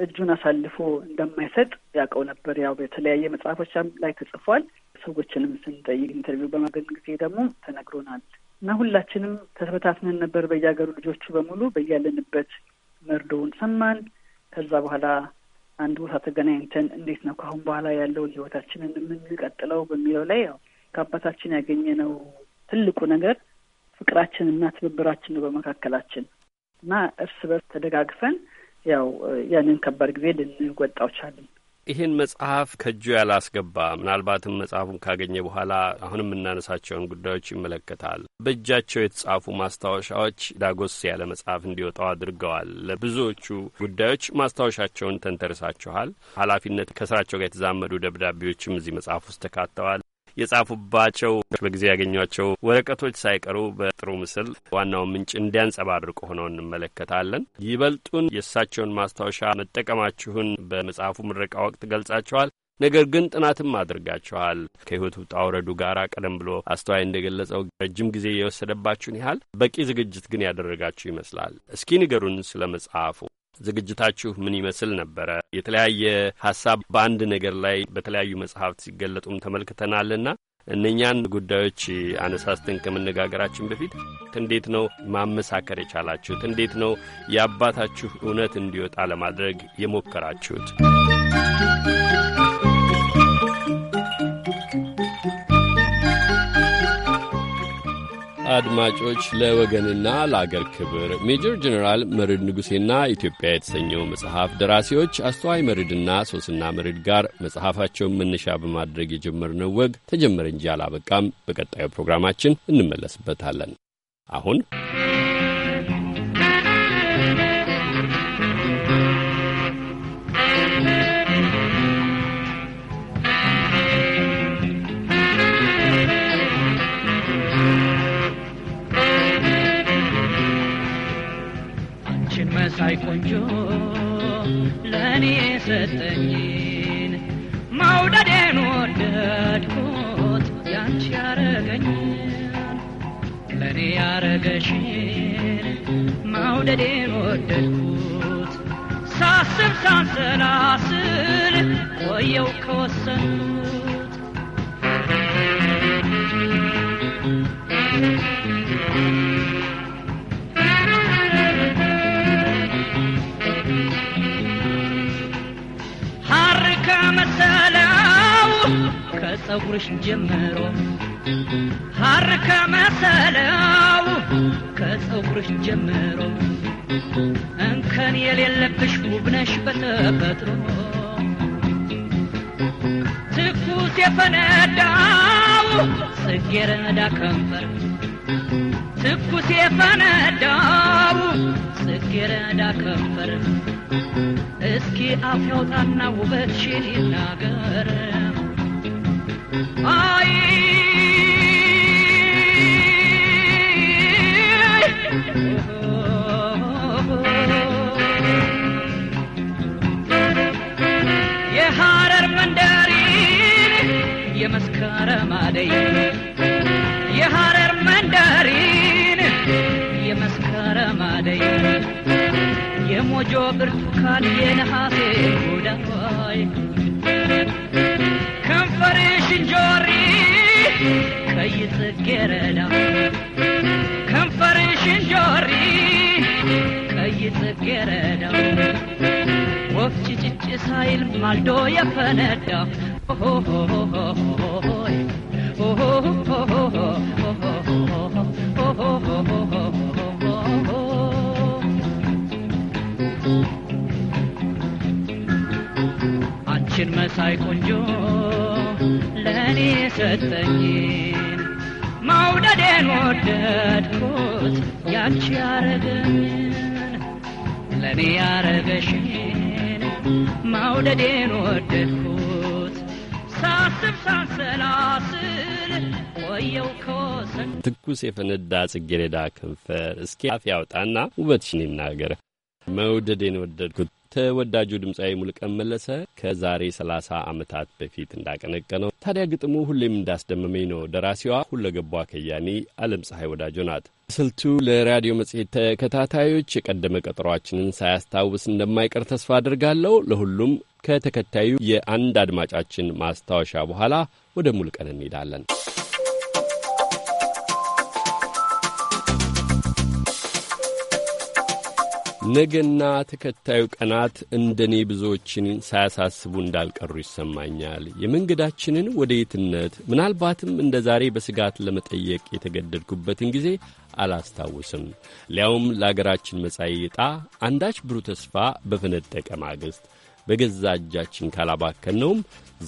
እጁን አሳልፎ እንደማይሰጥ ያውቀው ነበር። ያው በተለያየ መጽሐፎች ላይ ተጽፏል። ሰዎችንም ስንጠይቅ ኢንተርቪው በማገኝ ጊዜ ደግሞ ተነግሮናል። እና ሁላችንም ተበታትነን ነበር። በያገሩ ልጆቹ በሙሉ በያለንበት መርዶውን ሰማን። ከዛ በኋላ አንድ ቦታ ተገናኝተን እንዴት ነው ከአሁን በኋላ ያለውን ህይወታችንን የምንቀጥለው በሚለው ላይ ያው ከአባታችን ያገኘነው ትልቁ ነገር ፍቅራችን እና ትብብራችን ነው በመካከላችን እና እርስ በርስ ተደጋግፈን ያው ያንን ከባድ ጊዜ ልንወጣው ቻልን። ይህን መጽሐፍ ከእጁ ያላስገባ ምናልባትም መጽሐፉን ካገኘ በኋላ አሁን የምናነሳቸውን ጉዳዮች ይመለከታል። በእጃቸው የተጻፉ ማስታወሻዎች ዳጎስ ያለ መጽሐፍ እንዲወጣው አድርገዋል። ለብዙዎቹ ጉዳዮች ማስታወሻቸውን ተንተርሳችኋል። ኃላፊነት ከስራቸው ጋር የተዛመዱ ደብዳቤዎችም እዚህ መጽሐፍ ውስጥ ተካተዋል። የጻፉባቸው በጊዜ ያገኟቸው ወረቀቶች ሳይቀሩ በጥሩ ምስል ዋናው ምንጭ እንዲያንጸባርቁ ሆነው እንመለከታለን። ይበልጡን የእሳቸውን ማስታወሻ መጠቀማችሁን በመጽሐፉ ምረቃ ወቅት ገልጻችኋል። ነገር ግን ጥናትም አድርጋችኋል። ከህይወቱ ውጣ ውረዱ ጋር ቀደም ብሎ አስተዋይ እንደገለጸው ረጅም ጊዜ የወሰደባችሁን ያህል በቂ ዝግጅት ግን ያደረጋችሁ ይመስላል። እስኪ ንገሩን ስለ መጽሐፉ። ዝግጅታችሁ ምን ይመስል ነበረ? የተለያየ ሀሳብ በአንድ ነገር ላይ በተለያዩ መጽሐፍት ሲገለጡም ተመልክተናልና እነኛን ጉዳዮች አነሳስተን ከመነጋገራችን በፊት እንዴት ነው ማመሳከር የቻላችሁት? እንዴት ነው የአባታችሁ እውነት እንዲወጣ ለማድረግ የሞከራችሁት? አድማጮች ለወገንና ለአገር ክብር ሜጀር ጀኔራል መርዕድ ንጉሴና ኢትዮጵያ የተሰኘው መጽሐፍ ደራሲዎች አስተዋይ መርዕድና ሶስና መርዕድ ጋር መጽሐፋቸውን መነሻ በማድረግ የጀመርነው ወግ ተጀመረ እንጂ አላበቃም። በቀጣዩ ፕሮግራማችን እንመለስበታለን። አሁን ላይ ቆንጆ ለእኔ የሰጠኝን መውደዴን ወደድኩት ያንቺ ያረገኝን ለእኔ ያረገሽን መውደዴን ወደድኩት ሳስብ ሳንሰላስል ቆየው ከወሰንኩት ከጸጉርሽ ጀምሮ ሐር ከመሰለው ከፀጉርሽ ጀምሮ እንከን የሌለብሽ ውብነሽ በተፈጥሮ ትኩስ የፈነዳው ጽጌረዳ ከንፈር ትኩስ የፈነዳው ጽጌረዳ ከንፈር እስኪ አፍ ያውጣና ውበትሽን ይናገር የሐረር መንደሪ የመስከረም አደይ መንደሪን የመስከረም አደይ የሞጆ ብርቱካን የነሐሴ ጉዳይ ጽጌረዳ ከንፈርሽን ጆሪ ቀይ ጽጌረዳ ወፍ ጭጭጭ ሳይል ማልዶ የፈነዳ አንቺን መሳይ ቆንጆ ለእኔ ሰጠኝ መውደዴን ወደድኩት ያቺ ያረገኝን ለእኔ ያረገሽን መውደዴን ወደድኩት ሳስብ ሳንሰላስል ቆየው ከወሰን ትኩስ የፈነዳ ጽጌረዳ ከንፈር እስኪ አፍ ያውጣና ውበትሽን ይናገር መውደዴን ወደድኩት ተወዳጁ ድምፃዊ ሙልቀን መለሰ ከዛሬ 30 ዓመታት በፊት እንዳቀነቀነው ታዲያ ግጥሙ ሁሌም እንዳስደመመኝ ነው። ደራሲዋ ሁለገቧ ከያኒ አለም ፀሐይ ወዳጆ ናት። ስልቱ ለራዲዮ መጽሔት ተከታታዮች የቀደመ ቀጠሯችንን ሳያስታውስ እንደማይቀር ተስፋ አድርጋለሁ። ለሁሉም ከተከታዩ የአንድ አድማጫችን ማስታወሻ በኋላ ወደ ሙልቀን እንሄዳለን። ነገና ተከታዩ ቀናት እንደኔ ብዙዎችን ሳያሳስቡ እንዳልቀሩ ይሰማኛል። የመንገዳችንን ወደየትነት ምናልባትም እንደ ዛሬ በስጋት ለመጠየቅ የተገደድኩበትን ጊዜ አላስታውስም። ሊያውም ለአገራችን መጻኢ ዕጣ አንዳች ብሩህ ተስፋ በፈነጠቀ ማግስት በገዛ እጃችን ካላባከን ነውም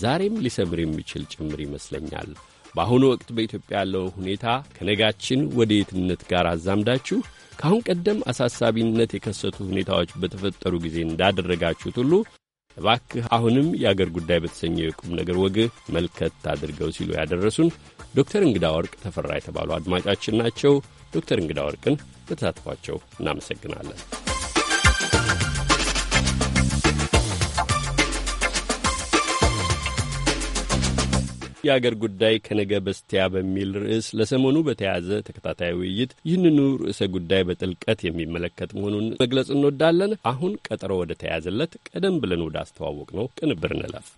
ዛሬም ሊሰምር የሚችል ጭምር ይመስለኛል። በአሁኑ ወቅት በኢትዮጵያ ያለው ሁኔታ ከነጋችን ወደየትነት ጋር አዛምዳችሁ ከአሁን ቀደም አሳሳቢነት የከሰቱ ሁኔታዎች በተፈጠሩ ጊዜ እንዳደረጋችሁት ሁሉ እባክህ አሁንም የአገር ጉዳይ በተሰኘው የቁም ነገር ወግህ መልከት አድርገው ሲሉ ያደረሱን ዶክተር እንግዳ ወርቅ ተፈራ የተባሉ አድማጫችን ናቸው። ዶክተር እንግዳ ወርቅን በተሳትፏቸው እናመሰግናለን። የአገር ጉዳይ ከነገ በስቲያ በሚል ርዕስ ለሰሞኑ በተያዘ ተከታታይ ውይይት ይህንኑ ርዕሰ ጉዳይ በጥልቀት የሚመለከት መሆኑን መግለጽ እንወዳለን። አሁን ቀጠሮ ወደ ተያዘለት ቀደም ብለን ወደ አስተዋወቅ ነው ቅንብር እንለፍ።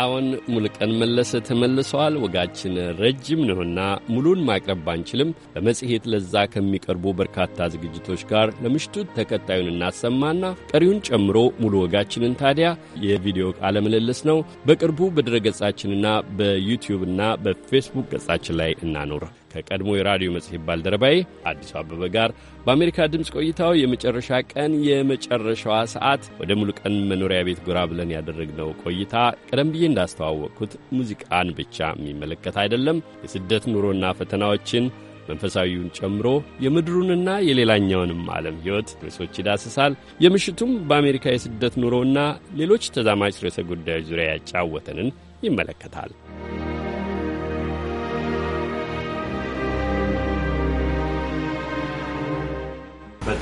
አዎን ሙልቀን መለሰ ተመልሰዋል። ወጋችን ረጅም ነውና ሙሉን ማቅረብ ባንችልም በመጽሔት ለዛ ከሚቀርቡ በርካታ ዝግጅቶች ጋር ለምሽቱ ተከታዩን እናሰማና ቀሪውን ጨምሮ ሙሉ ወጋችንን ታዲያ የቪዲዮ ቃለ ምልልስ ነው። በቅርቡ በድረ ገጻችንና በዩቲዩብና በፌስቡክ ገጻችን ላይ እናኖር። ከቀድሞ የራዲዮ መጽሔት ባልደረባዬ አዲሱ አበበ ጋር በአሜሪካ ድምፅ ቆይታው የመጨረሻ ቀን የመጨረሻዋ ሰዓት ወደ ሙሉ ቀን መኖሪያ ቤት ጎራ ብለን ያደረግነው ቆይታ ቀደም ብዬ እንዳስተዋወቅኩት ሙዚቃን ብቻ የሚመለከት አይደለም። የስደት ኑሮና ፈተናዎችን መንፈሳዊውን ጨምሮ የምድሩንና የሌላኛውንም ዓለም ሕይወት ርዕሶች ይዳስሳል። የምሽቱም በአሜሪካ የስደት ኑሮና ሌሎች ተዛማች ርዕሰ ጉዳዮች ዙሪያ ያጫወተንን ይመለከታል።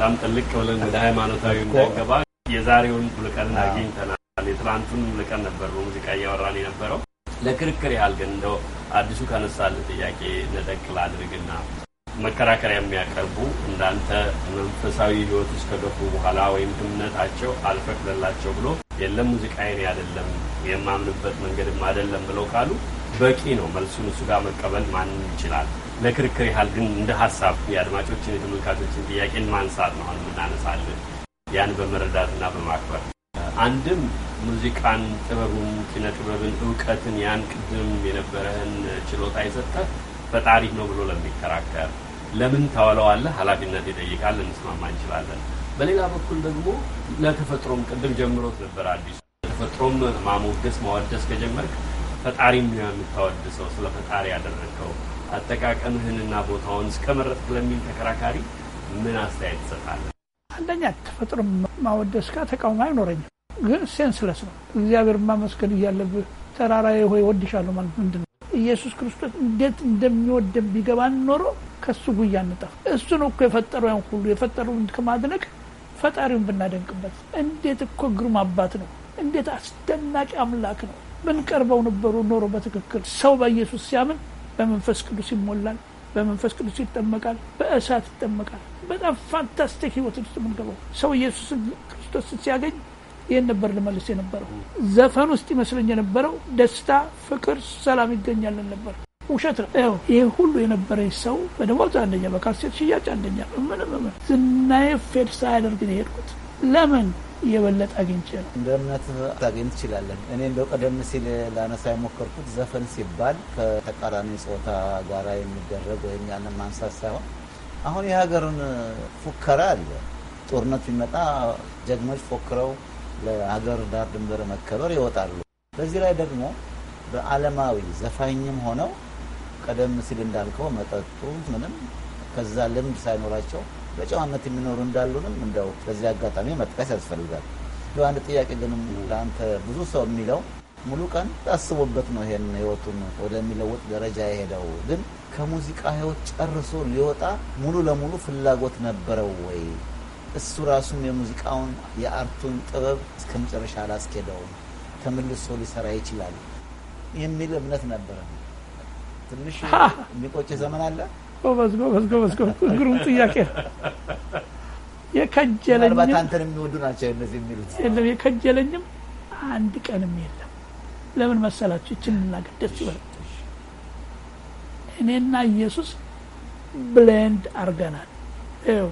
በጣም ጥልቅ ብለን ወደ ሃይማኖታዊ እንዳይገባ የዛሬውን ሙሉቀን አግኝተናል። የትላንቱን ሙሉቀን ነበር በሙዚቃ እያወራን የነበረው። ለክርክር ያህል ግን እንደው አዲሱ ካነሳል ጥያቄ ነጠቅል አድርግና መከራከሪያ የሚያቀርቡ እንዳንተ መንፈሳዊ ህይወት ውስጥ ከገፉ በኋላ ወይም እምነታቸው አልፈቅደላቸው ብሎ የለም ሙዚቃ ይኔ አይደለም የማምንበት መንገድም አይደለም ብለው ካሉ በቂ ነው መልሱን እሱ ጋር መቀበል ማንም ይችላል። ለክርክር ያህል ግን እንደ ሀሳብ የአድማጮችን የተመልካቾችን ጥያቄን ማንሳት ነው አሁን የምናነሳለን። ያን በመረዳትና በማክበር አንድም ሙዚቃን፣ ጥበቡን፣ ኪነ ጥበብን፣ እውቀትን ያን ቅድም የነበረህን ችሎታ የሰጠ ፈጣሪ ነው ብሎ ለሚከራከር ለምን ታውለዋለህ ኃላፊነት ይጠይቃል፣ ልንስማማ እንችላለን። በሌላ በኩል ደግሞ ለተፈጥሮም ቅድም ጀምሮት ነበር አዲሱ ተፈጥሮም ማሞገስ ማወደስ ከጀመርክ ፈጣሪም የምታወድሰው ስለ ፈጣሪ ያደረግከው አጠቃቀምህንና ቦታውን እስከመረጥ ለሚል ተከራካሪ ምን አስተያየት ትሰጣለህ? አንደኛ ተፈጥሮ ማወደስ ጋር ተቃውሞ አይኖረኝም፣ ግን ሴንስለስ ነው። እግዚአብሔር ማመስገን እያለብህ ተራራዬ ሆይ ወድሻለሁ ማለት ምንድን ነው? ኢየሱስ ክርስቶስ እንዴት እንደሚወደን ቢገባን ኖሮ ከሱ ጉያ እንጠፍ። እሱን እኮ የፈጠሩ ያን ሁሉ የፈጠሩ ከማድነቅ ፈጣሪውን ብናደንቅበት እንዴት እኮ ግሩም አባት ነው! እንዴት አስደናቂ አምላክ ነው! ብንቀርበው ነበሩ ኖሮ በትክክል ሰው በኢየሱስ ሲያምን በመንፈስ ቅዱስ ይሞላል፣ በመንፈስ ቅዱስ ይጠመቃል፣ በእሳት ይጠመቃል። በጣም ፋንታስቲክ ህይወት ውስጥ የምንገባው ሰው ኢየሱስን ክርስቶስ ሲያገኝ ይህን ነበር ልመልስ የነበረው። ዘፈን ውስጥ ይመስለኝ የነበረው ደስታ፣ ፍቅር፣ ሰላም ይገኛለን ነበር። ውሸት ነው። ይህ ሁሉ የነበረ ሰው በደሞዝ አንደኛ፣ በካሴት ሽያጭ አንደኛ፣ ምንም ዝናዬ ፌድ ሳያደርግ ነው የሄድኩት። ለምን የበለጠ አግኝቼ ነው። እንደ እምነት ታገኝ ትችላለን። እኔ እንደው ቀደም ሲል ላነሳ የሞከርኩት ዘፈን ሲባል ከተቃራኒ ጾታ ጋራ የሚደረግ ወይም ያንን ማንሳት ሳይሆን አሁን የሀገርን ፉከራ አለ። ጦርነት ቢመጣ ጀግኖች ፎክረው ለሀገር ዳር ድንበር መከበር ይወጣሉ። በዚህ ላይ ደግሞ በዓለማዊ ዘፋኝም ሆነው ቀደም ሲል እንዳልከው መጠጡ ምንም ከዛ ልምድ ሳይኖራቸው በጨዋነት የሚኖሩ እንዳሉንም እንደው በዚህ አጋጣሚ መጥቀስ ያስፈልጋል። አንድ ጥያቄ ግን ለአንተ ብዙ ሰው የሚለው ሙሉ ቀን ታስቦበት ነው ይሄን ህይወቱን ወደሚለውጥ ደረጃ የሄደው ግን ከሙዚቃ ህይወት ጨርሶ ሊወጣ ሙሉ ለሙሉ ፍላጎት ነበረው ወይ? እሱ ራሱም የሙዚቃውን የአርቱን ጥበብ እስከ መጨረሻ አላስኬደውም፣ ተመልሶ ሊሰራ ይችላል የሚል እምነት ነበረ። ትንሽ የሚቆጭ ዘመን አለ። ጎበዝ ጎበዝ ጎበዝ ጎበዝ ግሩም ጥያቄ የከጀለኝም አንተን የሚወዱ ናቸው እነዚህ የሚሉት የለም የከጀለኝም አንድ ቀንም የለም ለምን መሰላችሁ ይችን ልናገር ደስ ይበላል እኔና ኢየሱስ ብሌንድ አርገናል ው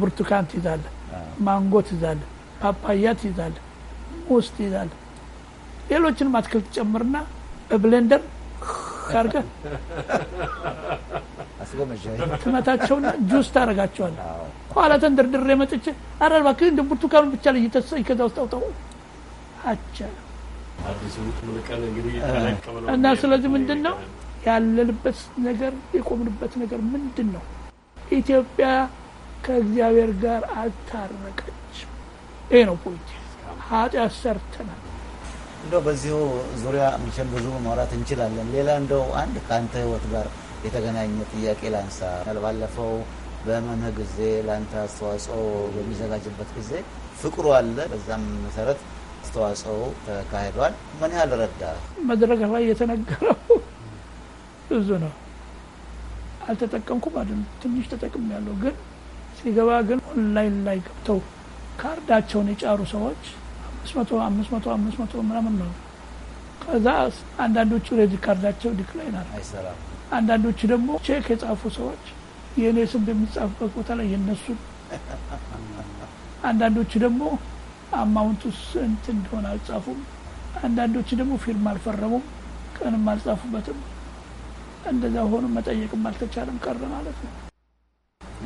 ብርቱካን ትይዛለ ማንጎ ትይዛለ ፓፓያ ትይዛለ ሙስ ትይዛለ ሌሎችንም አትክልት ጨምርና በብሌንደር አድርገህ ትመታቸውና ጁስ ታደርጋቸዋለህ። ኋላ ተንደርድሬ የመጥች ኧረ እባክህ እንደ ብርቱካኑ ብቻ ላይ እየተሰኝ ከዛ ውስጥ አውጣው አቻለ እና ስለዚህ ምንድን ነው ያለንበት ነገር የቆምንበት ነገር ምንድን ነው? ኢትዮጵያ ከእግዚአብሔር ጋር አልታረቀችም። ይህ ነው ፖለቲካ። ኃጢአት ሰርተናል። እንደው በዚሁ ዙሪያ ሚቸን ብዙ ማውራት እንችላለን። ሌላ እንደው አንድ ከአንተ ህይወት ጋር የተገናኘ ጥያቄ ላንሳ። ባለፈው በመምህ ጊዜ ለአንተ አስተዋጽኦ በሚዘጋጅበት ጊዜ ፍቅሩ አለ። በዛም መሰረት አስተዋጽኦ ተካሂዷል። ምን ያህል ረዳ? መድረክ ላይ የተነገረው ብዙ ነው። አልተጠቀምኩም አይደለም፣ ትንሽ ተጠቅም ያለው ግን ሲገባ ግን ኦንላይን ላይ ገብተው ካርዳቸውን የጫሩ ሰዎች አምስት መቶ አምስት መቶ አምስት መቶ ምናምን ነው። ከዛ አንዳንዶቹ ሬዲት ካርዳቸው ዲክላይን አለ። አንዳንዶቹ ደግሞ ቼክ የጻፉ ሰዎች የእኔ ስም በሚጻፍበት ቦታ ላይ የነሱን፣ [laughs] አንዳንዶቹ ደግሞ አማውንቱ ስንት እንደሆነ አልጻፉም። አንዳንዶቹ ደግሞ ፊርም አልፈረሙም፣ ቀንም አልጻፉበትም። እንደዛ ሆኖ መጠየቅም አልተቻለም ቀረ ማለት ነው።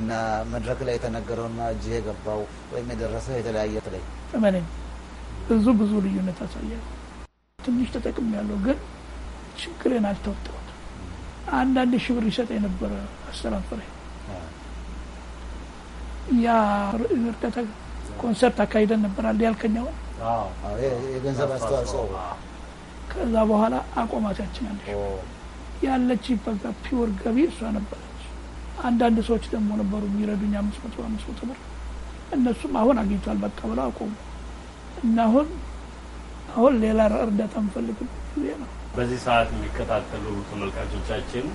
እና መድረክ ላይ የተነገረውና እጅ የገባው ወይም የደረሰ የተለያየ ላይ ብዙ ብዙ ልዩነት አሳያል። ትንሽ ተጠቅም ያለው ግን ችግሬን አልተወጣሁት። አንዳንድ ሺህ ብር ይሰጥ የነበረ አስር ያ እርዳታ ኮንሰርት አካሂደን ነበር አንድ ያልከኛውን የገንዘብ አስተዋጽኦ ከዛ በኋላ አቆማቻችን አንድ ያለች በቃ ፒወር ገቢ እሷ ነበረች። አንዳንድ ሰዎች ደግሞ ነበሩ የሚረዱኝ አምስት መቶ አምስት መቶ ብር እነሱም አሁን አግኝቷል በቃ ብለው አቆሙ። እና አሁን አሁን ሌላ እርዳታ የምፈልግበት ጊዜ ነው። በዚህ ሰዓት የሚከታተሉ ተመልካቾቻችን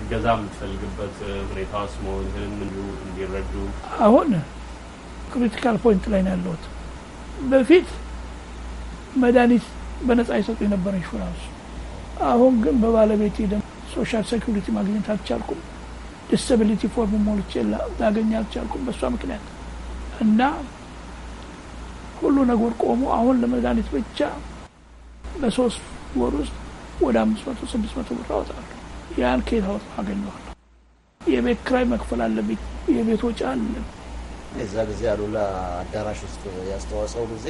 እገዛ የምትፈልግበት ሁኔታ ውስጥ መሆንህን እንዲሁ እንዲረዱ አሁን ክሪቲካል ፖይንት ላይ ነው ያለሁት። በፊት መድኃኒት በነጻ ይሰጡ የነበረ ኢንሹራንሱ፣ አሁን ግን በባለቤት ደ ሶሻል ሴኩሪቲ ማግኘት አልቻልኩም። ዲስብሊቲ ፎርም ሞልቼ ላገኝ አልቻልኩም በእሷ ምክንያት እና ሁሉ ነገር ቆሞ አሁን ለመድኃኒት ብቻ በሶስት ወር ውስጥ ወደ አምስት መቶ ስድስት መቶ ብር አወጣለሁ። ያን ከየት አወጣ አገኘዋለሁ? የቤት ክራይ መክፈል አለብኝ። የቤት ወጪ አለብኝ። የዛ ጊዜ አሉላ አዳራሽ ውስጥ ያስተዋሰው ጊዜ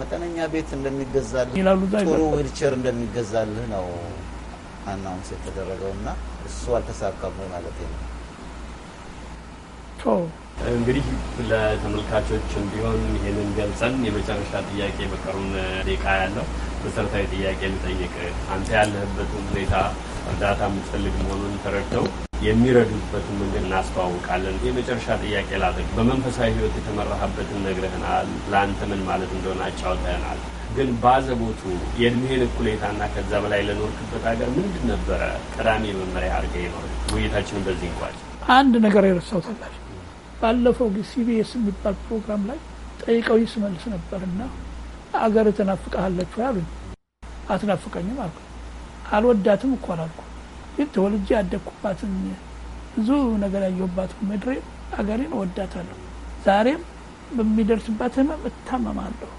መጠነኛ ቤት እንደሚገዛልህ ጥሩ ዊልቸር እንደሚገዛልህ ነው አናውንስ የተደረገው እና እሱ አልተሳካም ማለት ነው። እንግዲህ ለተመልካቾችም ቢሆን ይህንን ገልጸን የመጨረሻ ጥያቄ በቀሩን ዴቃ ያለው መሰረታዊ ጥያቄ ልጠይቅ። አንተ ያለህበትን ሁኔታ እርዳታ የምትፈልግ መሆኑን ተረድተው የሚረዱበትን መንገድ እናስተዋውቃለን። የመጨረሻ ጥያቄ ላጠቅ በመንፈሳዊ ሕይወት የተመራህበትን ነግረህናል። ለአንተ ምን ማለት እንደሆነ አጫውተህናል። ግን ባዘቦቱ የእድሜህን እኩሌታና ከዛ በላይ ለኖርክበት ሀገር ምንድን ነበረ ቀዳሚ መመሪያ አድርገህ ይኖር? ውይይታችንን በዚህ እንቋጭ። አንድ ነገር የረሳሁት አላቸው ባለፈው ጊዜ ሲቢኤስ የሚባል ፕሮግራም ላይ ጠይቀው ይስመልስ ነበርና አገር ትናፍቀሃለች ወይ አሉኝ። አትናፍቀኝም አልኩ። አልወዳትም እኮ አላልኩ። ግን ተወልጄ ያደግኩባትን ብዙ ነገር ያየሁባት ምድሬ አገሬን እወዳታለሁ። ዛሬም በሚደርስባት ህመም እታመማለሁ።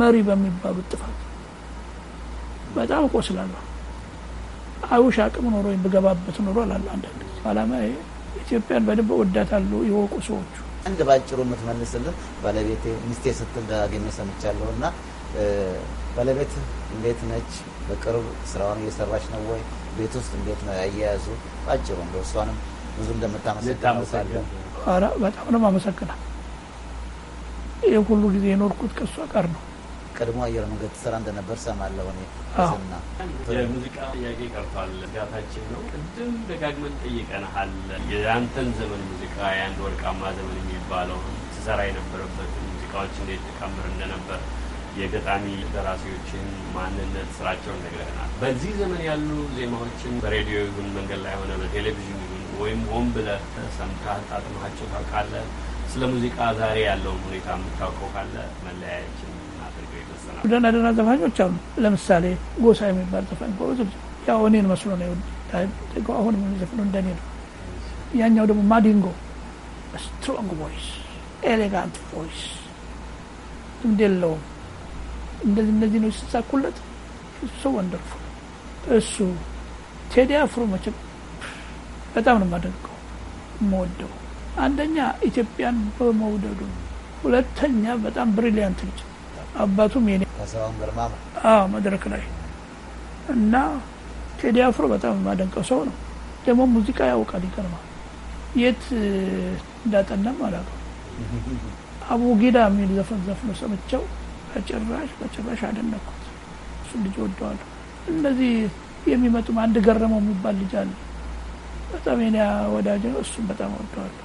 መሪ በሚባሉት ጥፋት በጣም እቆስላለሁ። አውሽ አቅም ኖሮ ብገባበት ኖሮ እላለሁ አንዳንድ ዓላማ ይሄ ኢትዮጵያን በደንብ እወዳታለሁ የወቁ ሰዎቹ። አንድ ባጭሩ የምትመልስልን ባለቤት ሚስቴ ስትል ደጋግሜ ሰምቻለሁ እና ባለቤት እንዴት ነች? በቅርብ ስራውን እየሰራች ነው ወይ? ቤት ውስጥ እንዴት ነው ያያያዙ? ባጭሩ እንደ እሷንም ብዙ እንደምታመሰግናለሁ። በጣም ነው ማመሰግናል። ይህ ሁሉ ጊዜ የኖርኩት ከእሷ ጋር ነው። ቀድሞ አየር መንገድ ትሰራ እንደነበር ሰማለሁ። እኔ ዝና የሙዚቃ ጥያቄ ቀርቷል፣ ጋታችን ነው። ቅድም ደጋግመን ጠይቀንሃል። የአንተን ዘመን ሙዚቃ የአንድ ወርቃማ ዘመን የሚባለው ትሰራ የነበረበት ሙዚቃዎች እንዴት ተቀምር እንደነበር የገጣሚ ደራሲዎችን ማንነት ስራቸውን ነግረህናል። በዚህ ዘመን ያሉ ዜማዎችን በሬዲዮ ይሁን መንገድ ላይ ሆነ በቴሌቪዥን ይሁን ወይም ሆን ብለህ ሰምተህ አጣጥመሃቸው ታውቃለህ? ስለ ሙዚቃ ዛሬ ያለውን ሁኔታ የምታውቀው ካለ መለያያችን ደህና ደህና ዘፋኞች አሉ። ለምሳሌ ጎሳ የሚባል ዘፋኝ ጎበዝ ያው እኔን መስሎ ነው አሁን የሚዘፍነው እንደኔ ነው። ያኛው ደግሞ ማዲንጎ፣ ስትሮንግ ቮይስ፣ ኤሌጋንት ቮይስ ልምድ የለውም። እንደዚህ እነዚህ ነው ሲሳኩለት እሱ ወንደርፉ እሱ ቴዲ አፍሮ መቼም በጣም ነው የማደንቀው የምወደው። አንደኛ ኢትዮጵያን በመውደዱ፣ ሁለተኛ በጣም ብሪሊያንት ልጅ አባቱም የኔ አዎ መድረክ ላይ እና ቴዲ አፍሮ በጣም የማደንቀው ሰው ነው። ደግሞ ሙዚቃ ያውቃል፣ ይገርማል። የት እንዳጠናም አላውቅም። [laughs] አቡጊዳ የሚል ዘፈን ዘፍኖ ሰምቼው በጭራሽ በጭራሽ አደነኩት። እሱ ልጅ ወደዋል። እነዚህ የሚመጡም አንድ ገረመው የሚባል ልጅ አለ፣ በጣም የኔ ወዳጅ ነው። እሱም በጣም ወደዋለሁ።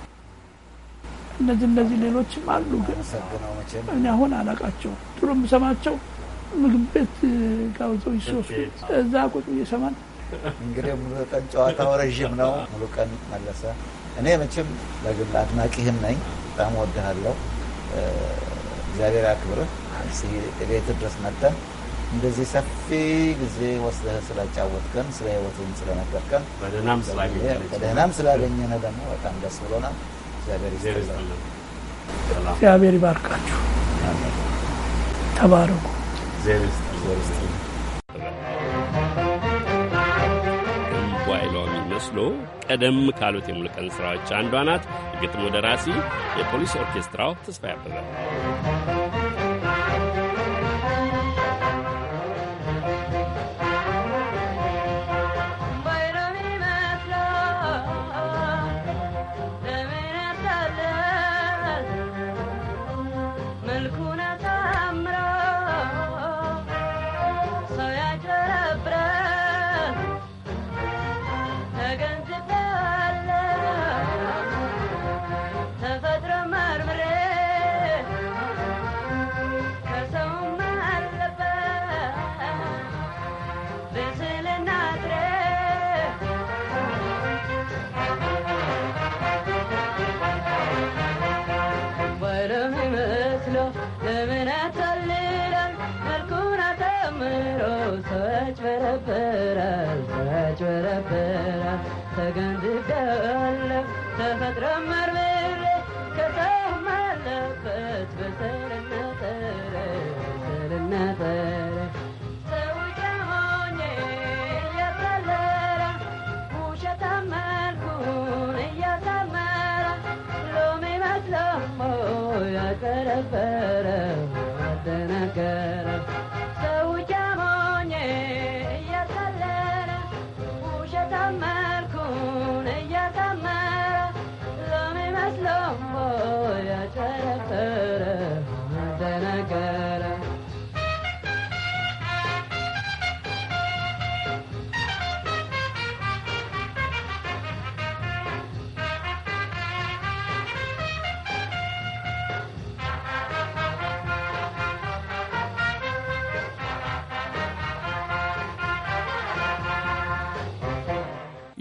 እነዚህ እነዚህ ሌሎችም አሉ። ግን እኔ አሁን አላቃቸው ጥሩ የምሰማቸው ምግብ ቤት ጋብዘው ይሶሱ እዛ ቁጭ እየሰማን እንግዲህ ሙሉ ቀን ጨዋታው ረዥም ነው። ሙሉ ቀን መለሰ። እኔ መቼም በግል አድናቂህም ነኝ። በጣም ወድሃለሁ። እግዚአብሔር ያክብርህ። ቤት ድረስ መጠን እንደዚህ ሰፊ ጊዜ ወስደህ ስለጫወትከን፣ ስለ ህይወትን ስለነገርከን፣ በደህናም ስላገኘነ ደግሞ በጣም ደስ ብሎናል። እግዚአብሔር ይባርካችሁ፣ ተባረኩ። ቧይሎ ቀደም ካሉት የሙሉቀን ስራዎች አንዷ ናት። የግጥሙ ደራሲ የፖሊስ ኦርኬስትራው ተስፋ ያበዛል። ያጭበረብራል ያጭበረብራል ተገንዝቤያለሁ ተፈጥሮ መርምሬ ከሰውም አለበት በሰልና cara.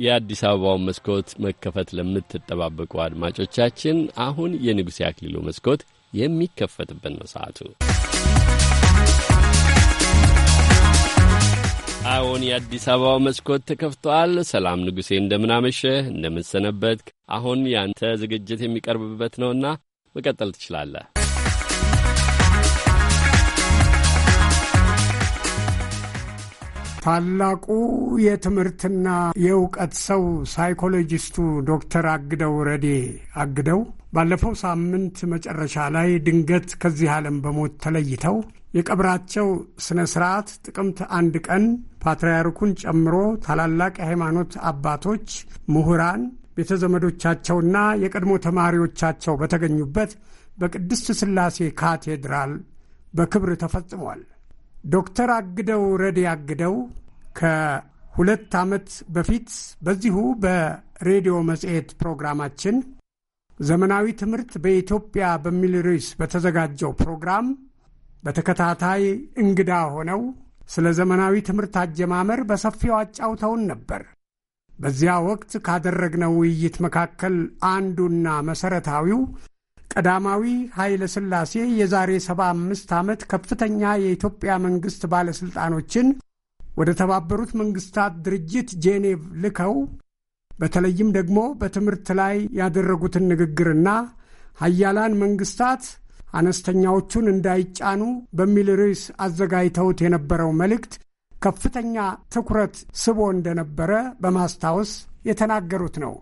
የአዲስ አበባውን መስኮት መከፈት ለምትጠባበቁ አድማጮቻችን አሁን የንጉሴ አክሊሉ መስኮት የሚከፈትበት ነው ሰዓቱ። አዎን የአዲስ አበባው መስኮት ተከፍቷል። ሰላም ንጉሴ፣ እንደምናመሸህ እንደምንሰነበት። አሁን ያንተ ዝግጅት የሚቀርብበት ነውና መቀጠል ትችላለህ። ታላቁ የትምህርትና የእውቀት ሰው ሳይኮሎጂስቱ ዶክተር አግደው ረዴ አግደው ባለፈው ሳምንት መጨረሻ ላይ ድንገት ከዚህ ዓለም በሞት ተለይተው የቀብራቸው ሥነ ሥርዓት ጥቅምት አንድ ቀን ፓትርያርኩን ጨምሮ ታላላቅ የሃይማኖት አባቶች፣ ምሁራን፣ ቤተ ዘመዶቻቸውና የቀድሞ ተማሪዎቻቸው በተገኙበት በቅድስት ሥላሴ ካቴድራል በክብር ተፈጽሟል። ዶክተር አግደው ረዴ አግደው ከሁለት ዓመት በፊት በዚሁ በሬዲዮ መጽሔት ፕሮግራማችን ዘመናዊ ትምህርት በኢትዮጵያ በሚል ርዕስ በተዘጋጀው ፕሮግራም በተከታታይ እንግዳ ሆነው ስለ ዘመናዊ ትምህርት አጀማመር በሰፊው አጫውተውን ነበር። በዚያ ወቅት ካደረግነው ውይይት መካከል አንዱና መሠረታዊው ቀዳማዊ ኃይለ ሥላሴ የዛሬ ሰባ አምስት ዓመት ከፍተኛ የኢትዮጵያ መንግሥት ባለሥልጣኖችን ወደ ተባበሩት መንግሥታት ድርጅት ጄኔቭ ልከው በተለይም ደግሞ በትምህርት ላይ ያደረጉትን ንግግርና ሀያላን መንግስታት አነስተኛዎቹን እንዳይጫኑ በሚል ርዕስ አዘጋጅተውት የነበረው መልእክት ከፍተኛ ትኩረት ስቦ እንደነበረ በማስታወስ የተናገሩት ነው።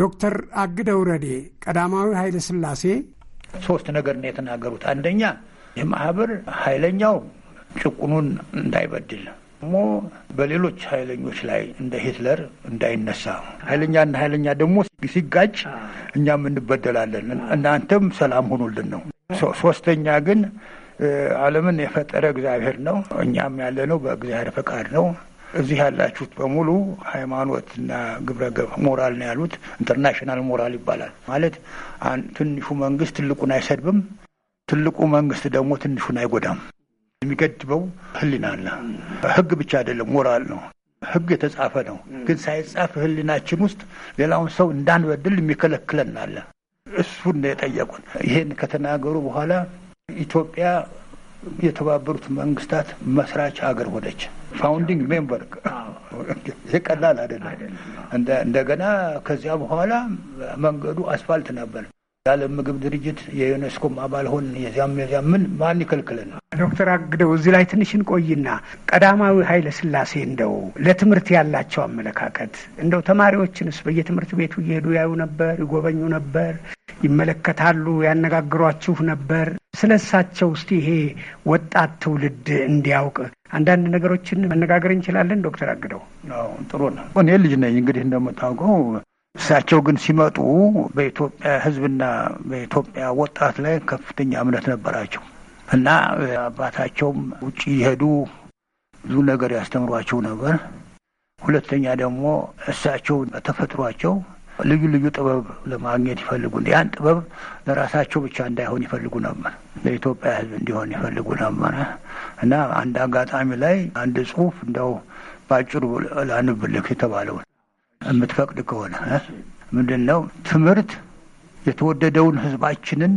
ዶክተር አግደ ውረዴ ቀዳማዊ ኃይለ ሥላሴ ሶስት ነገር ነው የተናገሩት። አንደኛ የማህበር ኃይለኛው ጭቁኑን እንዳይበድል ደግሞ በሌሎች ኃይለኞች ላይ እንደ ሂትለር እንዳይነሳ ኃይለኛና ኃይለኛ ደግሞ ሲጋጭ እኛም እንበደላለን። እናንተም ሰላም ሁኑልን ነው። ሶስተኛ ግን ዓለምን የፈጠረ እግዚአብሔር ነው። እኛም ያለነው በእግዚአብሔር ፈቃድ ነው። እዚህ ያላችሁት በሙሉ ሃይማኖትና ግብረ ገብ ሞራል ነው ያሉት። ኢንተርናሽናል ሞራል ይባላል ማለት ትንሹ መንግስት ትልቁን አይሰድብም፣ ትልቁ መንግስት ደግሞ ትንሹን አይጎዳም። የሚገድበው ህሊና ህሊናና ህግ ብቻ አይደለም፣ ሞራል ነው። ህግ የተጻፈ ነው፣ ግን ሳይጻፍ ህሊናችን ውስጥ ሌላውን ሰው እንዳንበድል የሚከለክለን አለ። እሱን ነው የጠየቁን። ይሄን ከተናገሩ በኋላ ኢትዮጵያ የተባበሩት መንግስታት መስራች ሀገር ሆነች። ፋውንዲንግ ሜምበር ቀላል አይደለም። እንደገና ከዚያ በኋላ መንገዱ አስፋልት ነበር። የዓለም ምግብ ድርጅት የዩኔስኮም አባል ሆን የዚያም የዚያም ምን ማን ይከልክልን? ዶክተር አግደው እዚህ ላይ ትንሽን ቆይና ቀዳማዊ ኃይለ ስላሴ እንደው ለትምህርት ያላቸው አመለካከት እንደው ተማሪዎችንስ በየትምህርት ቤቱ እየሄዱ ያዩ ነበር፣ ይጎበኙ ነበር፣ ይመለከታሉ፣ ያነጋግሯችሁ ነበር? ስለ እሳቸው ውስጥ ይሄ ወጣት ትውልድ እንዲያውቅ አንዳንድ ነገሮችን መነጋገር እንችላለን። ዶክተር አግደው ጥሩ ነው። እኔ ልጅ ነኝ እንግዲህ እንደምታውቀው እሳቸው ግን ሲመጡ በኢትዮጵያ ሕዝብና በኢትዮጵያ ወጣት ላይ ከፍተኛ እምነት ነበራቸው እና አባታቸውም ውጭ የሄዱ ብዙ ነገር ያስተምሯቸው ነበር። ሁለተኛ ደግሞ እሳቸው በተፈጥሯቸው ልዩ ልዩ ጥበብ ለማግኘት ይፈልጉ፣ ያን ጥበብ ለራሳቸው ብቻ እንዳይሆን ይፈልጉ ነበር፣ ለኢትዮጵያ ህዝብ እንዲሆን ይፈልጉ ነበር እና አንድ አጋጣሚ ላይ አንድ ጽሁፍ እንደው በአጭሩ ላንብልክ የተባለውን የምትፈቅድ ከሆነ ምንድን ነው ትምህርት የተወደደውን ህዝባችንን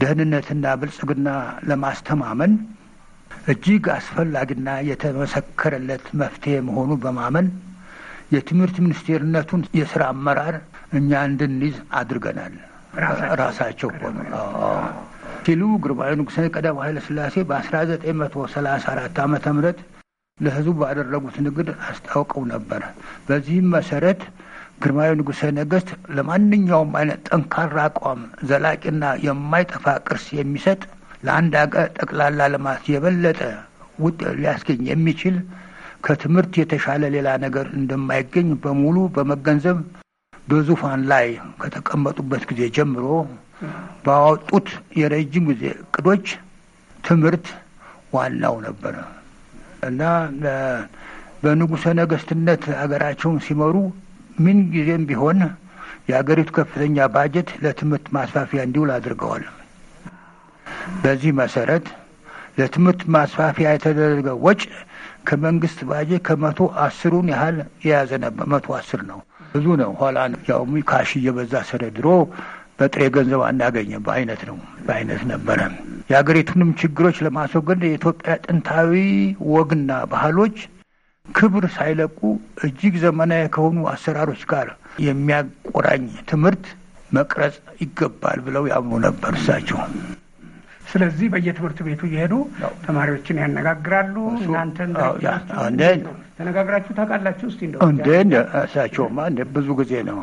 ደህንነትና ብልጽግና ለማስተማመን እጅግ አስፈላጊና የተመሰከረለት መፍትሄ መሆኑ በማመን የትምህርት ሚኒስቴርነቱን የስራ አመራር እኛ እንድንይዝ አድርገናል። ራሳቸው ሆኑ ሲሉ ግርማዊ ንጉሠ ቀዳማዊ ኃይለ ሥላሴ በ1934 ዓመተ ም ለህዝቡ ባደረጉት ንግድ አስታውቀው ነበር። በዚህም መሰረት ግርማዊ ንጉሠ ነገሥት ለማንኛውም አይነት ጠንካራ አቋም ዘላቂና የማይጠፋ ቅርስ የሚሰጥ ለአንድ አገር ጠቅላላ ልማት የበለጠ ውጥ ሊያስገኝ የሚችል ከትምህርት የተሻለ ሌላ ነገር እንደማይገኝ በሙሉ በመገንዘብ በዙፋን ላይ ከተቀመጡበት ጊዜ ጀምሮ ባወጡት የረጅም ጊዜ እቅዶች ትምህርት ዋናው ነበር። እና በንጉሠ ነገስትነት አገራቸውን ሲመሩ ምን ጊዜም ቢሆን የአገሪቱ ከፍተኛ ባጀት ለትምህርት ማስፋፊያ እንዲውል አድርገዋል። በዚህ መሰረት ለትምህርት ማስፋፊያ የተደረገ ወጭ ከመንግስት ባጀት ከመቶ አስሩን ያህል የያዘ ነበር። መቶ አስር ነው፣ ብዙ ነው። ኋላ ያው ካሽ እየበዛ ስለ ድሮ በጥሬ ገንዘብ አናገኘም። በአይነት ነው በአይነት ነበረ። የሀገሪቱንም ችግሮች ለማስወገድ የኢትዮጵያ ጥንታዊ ወግና ባህሎች ክብር ሳይለቁ እጅግ ዘመናዊ ከሆኑ አሰራሮች ጋር የሚያቆራኝ ትምህርት መቅረጽ ይገባል ብለው ያምኑ ነበር እሳቸው። ስለዚህ በየትምህርት ቤቱ እየሄዱ ተማሪዎችን ያነጋግራሉ። እናንተን ተነጋግራችሁ ታውቃላችሁ? እስቲ እንደ እንደ እሳቸውማ ብዙ ጊዜ ነው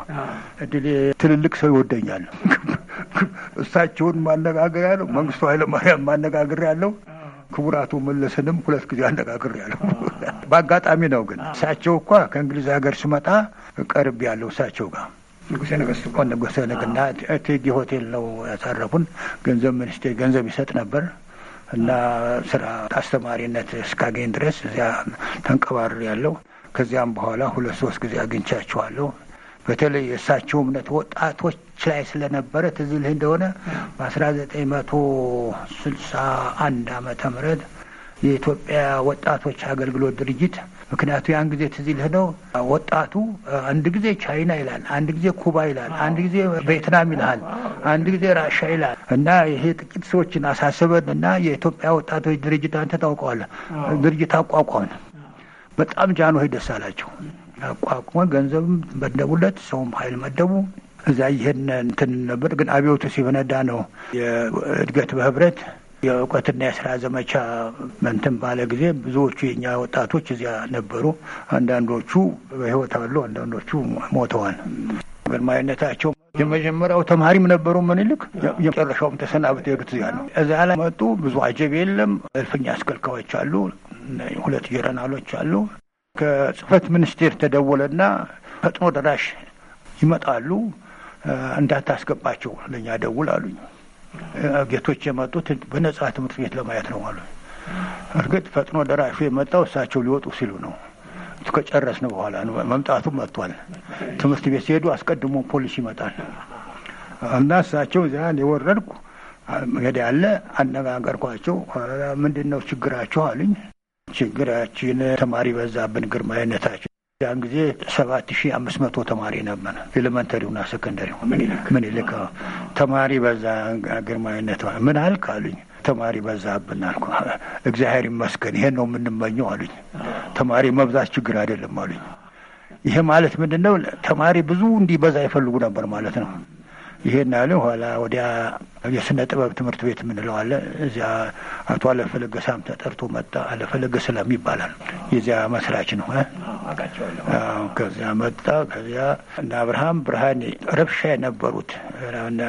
እድሌ ትልልቅ ሰው ይወደኛል። [laughs] እሳቸውን ማነጋገር ያለው መንግስቱ ኃይለማርያም ማነጋገር ያለው ክቡራቱ መለስንም ሁለት ጊዜ አነጋግር ያለው [laughs] በአጋጣሚ ነው። ግን እሳቸው እኳ ከእንግሊዝ ሀገር ስመጣ ቀርብ ያለው እሳቸው ጋር ንጉሴ ነገስት እኮ ንጉሰ ነገና እቴጌ ሆቴል ነው ያሳረፉን። ገንዘብ ሚኒስቴር ገንዘብ ይሰጥ ነበር እና ስራ አስተማሪነት እስካገኝ ድረስ እዚያ ተንቀባር ያለው። ከዚያም በኋላ ሁለት ሶስት ጊዜ አግኝቻቸዋለሁ። በተለይ የእሳቸው እምነት ወጣቶች ላይ ስለነበረ ትዝ ልህ እንደሆነ በአስራ ዘጠኝ መቶ ስልሳ አንድ አመተ ምህረት የኢትዮጵያ ወጣቶች አገልግሎት ድርጅት ምክንያቱ ያን ጊዜ ትዝ ይልህ ነው ወጣቱ አንድ ጊዜ ቻይና ይላል፣ አንድ ጊዜ ኩባ ይላል፣ አንድ ጊዜ ቬትናም ይልሃል፣ አንድ ጊዜ ራሻ ይላል። እና ይሄ ጥቂት ሰዎችን አሳስበን እና የኢትዮጵያ ወጣቶች ድርጅት አንተ ታውቀዋለህ፣ ድርጅት አቋቋምን። በጣም ጃንሆይ ደስ አላቸው። አቋቁመን ገንዘብም መደቡለት፣ ሰውም ሀይል መደቡ። እዛ ይሄን እንትን ነበር፣ ግን አብዮቱ ሲፈነዳ ነው የእድገት በህብረት የእውቀትና የስራ ዘመቻ መንትን ባለ ጊዜ ብዙዎቹ የኛ ወጣቶች እዚያ ነበሩ። አንዳንዶቹ በህይወት አሉ፣ አንዳንዶቹ ሞተዋል። ግርማዊነታቸው የመጀመሪያው ተማሪም ነበሩ ምኒልክ። የመጨረሻውም ተሰናብት ሄዱት እዚያ ነው። እዚያ ላይ መጡ። ብዙ አጀብ የለም። እልፍኝ አስከልካዮች አሉ፣ ሁለት ጀረናሎች አሉ። ከጽህፈት ሚኒስቴር ተደወለና ፈጥኖ ደራሽ ይመጣሉ፣ እንዳታስገባቸው ለእኛ ደውል አሉኝ። ጌቶች የመጡት በነጻ ትምህርት ቤት ለማየት ነው አሉ። እርግጥ ፈጥኖ ደራሹ የመጣው እሳቸው ሊወጡ ሲሉ ነው። ከጨረስ ነው በኋላ መምጣቱ መጥቷል። ትምህርት ቤት ሲሄዱ አስቀድሞ ፖሊስ ይመጣል እና እሳቸው እዚያን የወረድኩ እንግዲህ ያለ አነጋገርኳቸው። ምንድን ነው ችግራችሁ አሉኝ። ችግራችን ተማሪ በዛብን ግርማዊነታችን ያን ጊዜ ሰባት ሺ አምስት መቶ ተማሪ ነበረ። ኤሌመንተሪውና ሴኮንደሪው ምኒልክ ተማሪ በዛ ግርማዊነት ምን አልክ አሉኝ። ተማሪ በዛብን አልኩ። እግዚአብሔር ይመስገን ይሄን ነው የምንመኘው አሉኝ። ተማሪ መብዛት ችግር አይደለም አሉኝ። ይሄ ማለት ምንድን ነው? ተማሪ ብዙ እንዲበዛ ይፈልጉ ነበር ማለት ነው። ይሄን ያለ ኋላ ወዲያ የስነ ጥበብ ትምህርት ቤት የምንለው አለ። እዚያ አቶ አለፈለገ ሳም ተጠርቶ መጣ። አለፈለገ ሰላም ይባላል። የዚያ መስራች ነው። ከዚያ መጣ። ከዚያ እነ አብርሃም ብርሃኔ ረብሻ የነበሩት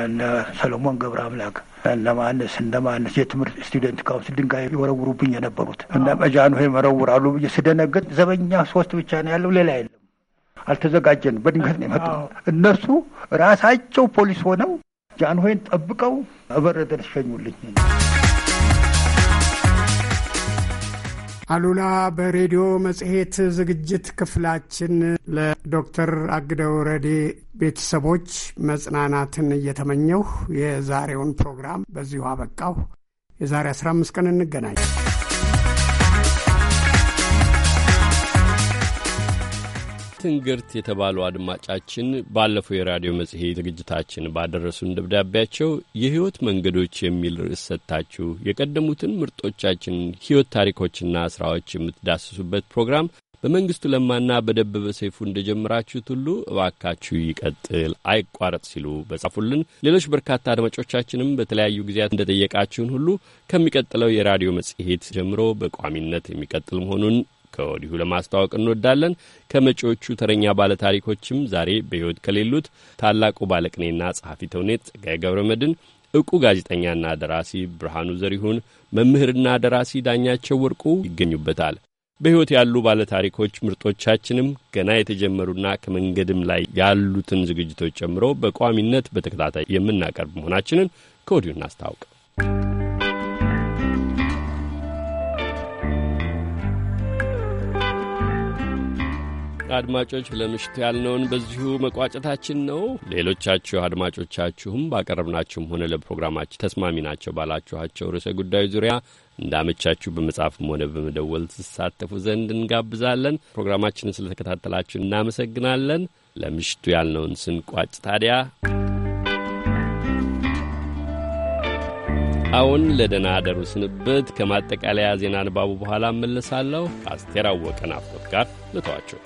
እነ ሰለሞን ገብረ አምላክ እነማንስ እነማንስ የትምህርት ስቱደንት ካውንስል ድንጋይ ይወረውሩብኝ የነበሩት እና መጃኑ ይመረውራሉ ብዬ ስደነግጥ ዘበኛ ሶስት ብቻ ነው ያለው ሌላ የለም። አልተዘጋጀንም፣ በድንገት ነው የመጡት። እነሱ ራሳቸው ፖሊስ ሆነው ጃንሆይን ጠብቀው እበር ሸኙልኝ። አሉላ በሬዲዮ መጽሔት ዝግጅት ክፍላችን ለዶክተር አግደው ረዴ ቤተሰቦች መጽናናትን እየተመኘሁ የዛሬውን ፕሮግራም በዚሁ አበቃሁ። የዛሬ 15 ቀን እንገናኝ። ትንግርት የተባሉ አድማጫችን ባለፈው የራዲዮ መጽሔት ዝግጅታችን ባደረሱን ደብዳቤያቸው የሕይወት መንገዶች የሚል ርዕስ ሰጥታችሁ የቀደሙትን ምርጦቻችን ሕይወት ታሪኮችና ሥራዎች የምትዳስሱበት ፕሮግራም በመንግሥቱ ለማና በደበበ ሰይፉ እንደጀመራችሁት ሁሉ እባካችሁ ይቀጥል፣ አይቋረጥ ሲሉ በጻፉልን ሌሎች በርካታ አድማጮቻችንም በተለያዩ ጊዜያት ጠየቃችሁን ሁሉ ከሚቀጥለው የራዲዮ መጽሔት ጀምሮ በቋሚነት የሚቀጥል መሆኑን ከወዲሁ ለማስተዋወቅ እንወዳለን። ከመጪዎቹ ተረኛ ባለታሪኮችም ዛሬ በሕይወት ከሌሉት ታላቁ ባለቅኔና ጸሐፊ ተውኔት ጸጋዬ ገብረ መድን እቁ ጋዜጠኛና ደራሲ ብርሃኑ ዘሪሁን፣ መምህርና ደራሲ ዳኛቸው ወርቁ ይገኙበታል። በሕይወት ያሉ ባለታሪኮች ምርጦቻችንም ገና የተጀመሩና ከመንገድም ላይ ያሉትን ዝግጅቶች ጨምሮ በቋሚነት በተከታታይ የምናቀርብ መሆናችንን ከወዲሁ እናስታውቅ። አድማጮች ለምሽቱ ያልነውን በዚሁ መቋጨታችን ነው። ሌሎቻችሁ አድማጮቻችሁም ባቀረብናችሁም ሆነ ለፕሮግራማችን ተስማሚ ናቸው ባላችኋቸው ርዕሰ ጉዳዮች ዙሪያ እንዳመቻችሁ በመጻፍም ሆነ በመደወል ትሳተፉ ዘንድ እንጋብዛለን። ፕሮግራማችንን ስለተከታተላችሁ እናመሰግናለን። ለምሽቱ ያልነውን ስንቋጭ ታዲያ አሁን ለደህና አደሩ ስንብት ከማጠቃለያ ዜና ንባቡ በኋላ እመለሳለሁ። ከአስቴር አወቀን አፍቶት ጋር ልተዋቸው።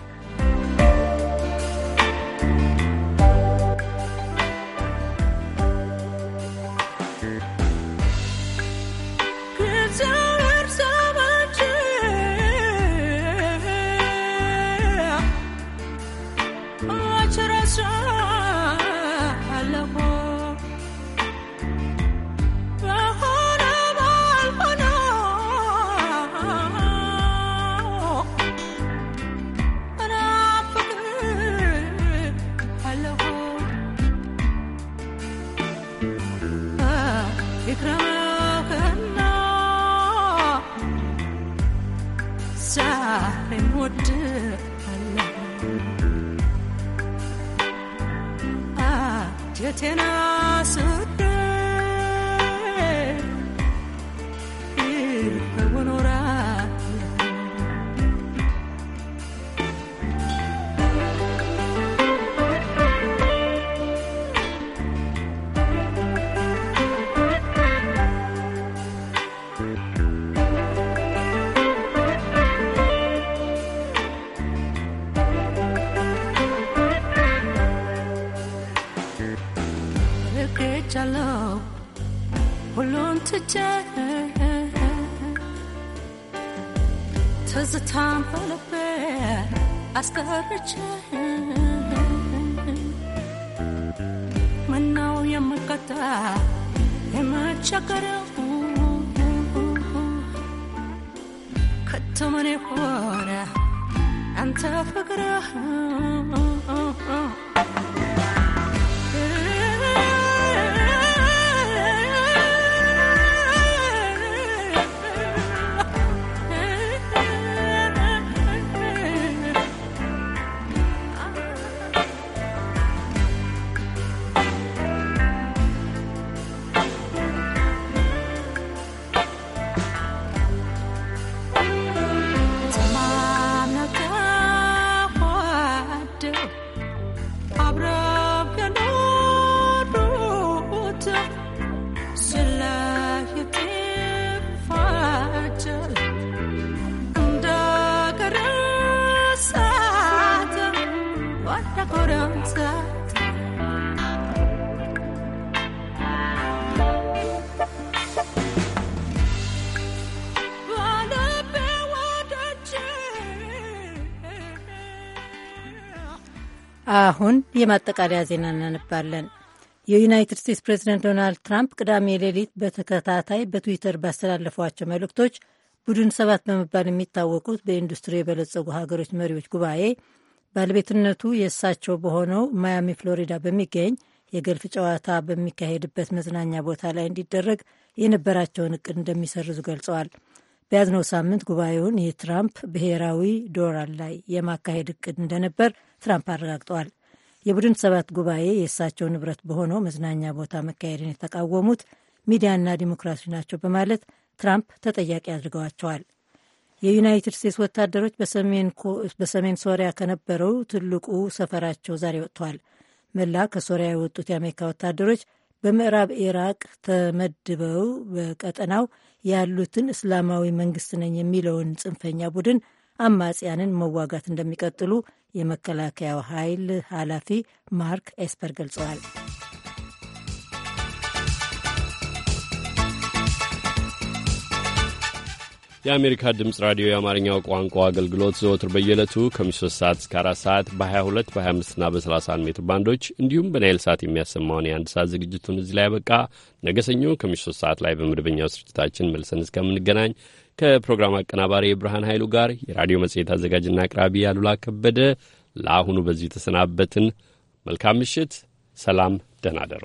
tenor. ваша አሁን የማጠቃለያ ዜና እናነባለን። የዩናይትድ ስቴትስ ፕሬዚደንት ዶናልድ ትራምፕ ቅዳሜ ሌሊት በተከታታይ በትዊተር ባስተላለፏቸው መልእክቶች ቡድን ሰባት በመባል የሚታወቁት በኢንዱስትሪ የበለጸጉ ሀገሮች መሪዎች ጉባኤ ባለቤትነቱ የእሳቸው በሆነው ማያሚ ፍሎሪዳ በሚገኝ የገልፍ ጨዋታ በሚካሄድበት መዝናኛ ቦታ ላይ እንዲደረግ የነበራቸውን እቅድ እንደሚሰርዙ ገልጸዋል። በያዝነው ሳምንት ጉባኤውን የትራምፕ ብሔራዊ ዶራል ላይ የማካሄድ እቅድ እንደነበር ትራምፕ አረጋግጠዋል። የቡድን ሰባት ጉባኤ የእሳቸው ንብረት በሆነው መዝናኛ ቦታ መካሄድን የተቃወሙት ሚዲያና ዲሞክራሲ ናቸው በማለት ትራምፕ ተጠያቂ አድርገዋቸዋል። የዩናይትድ ስቴትስ ወታደሮች በሰሜን ሶሪያ ከነበረው ትልቁ ሰፈራቸው ዛሬ ወጥተዋል። መላ ከሶሪያ የወጡት የአሜሪካ ወታደሮች በምዕራብ ኢራቅ ተመድበው በቀጠናው ያሉትን እስላማዊ መንግስት ነኝ የሚለውን ጽንፈኛ ቡድን አማጽያንን መዋጋት እንደሚቀጥሉ የመከላከያው ኃይል ኃላፊ ማርክ ኤስፐር ገልጸዋል። የአሜሪካ ድምፅ ራዲዮ የአማርኛው ቋንቋ አገልግሎት ዘወትር በየዕለቱ ከ3 ሰዓት እስከ 4 ሰዓት በ22 25 እና በ31 ሜትር ባንዶች እንዲሁም በናይል ሰዓት የሚያሰማውን የአንድ ሰዓት ዝግጅቱን እዚህ ላይ ያበቃ። ነገ ሰኞ ከ3 ሰዓት ላይ በመደበኛው ስርጭታችን መልሰን እስከምንገናኝ ከፕሮግራም አቀናባሪ የብርሃን ኃይሉ ጋር የራዲዮ መጽሔት አዘጋጅና አቅራቢ ያሉላ ከበደ ለአሁኑ በዚሁ ተሰናበትን። መልካም ምሽት። ሰላም፣ ደህና ደሩ።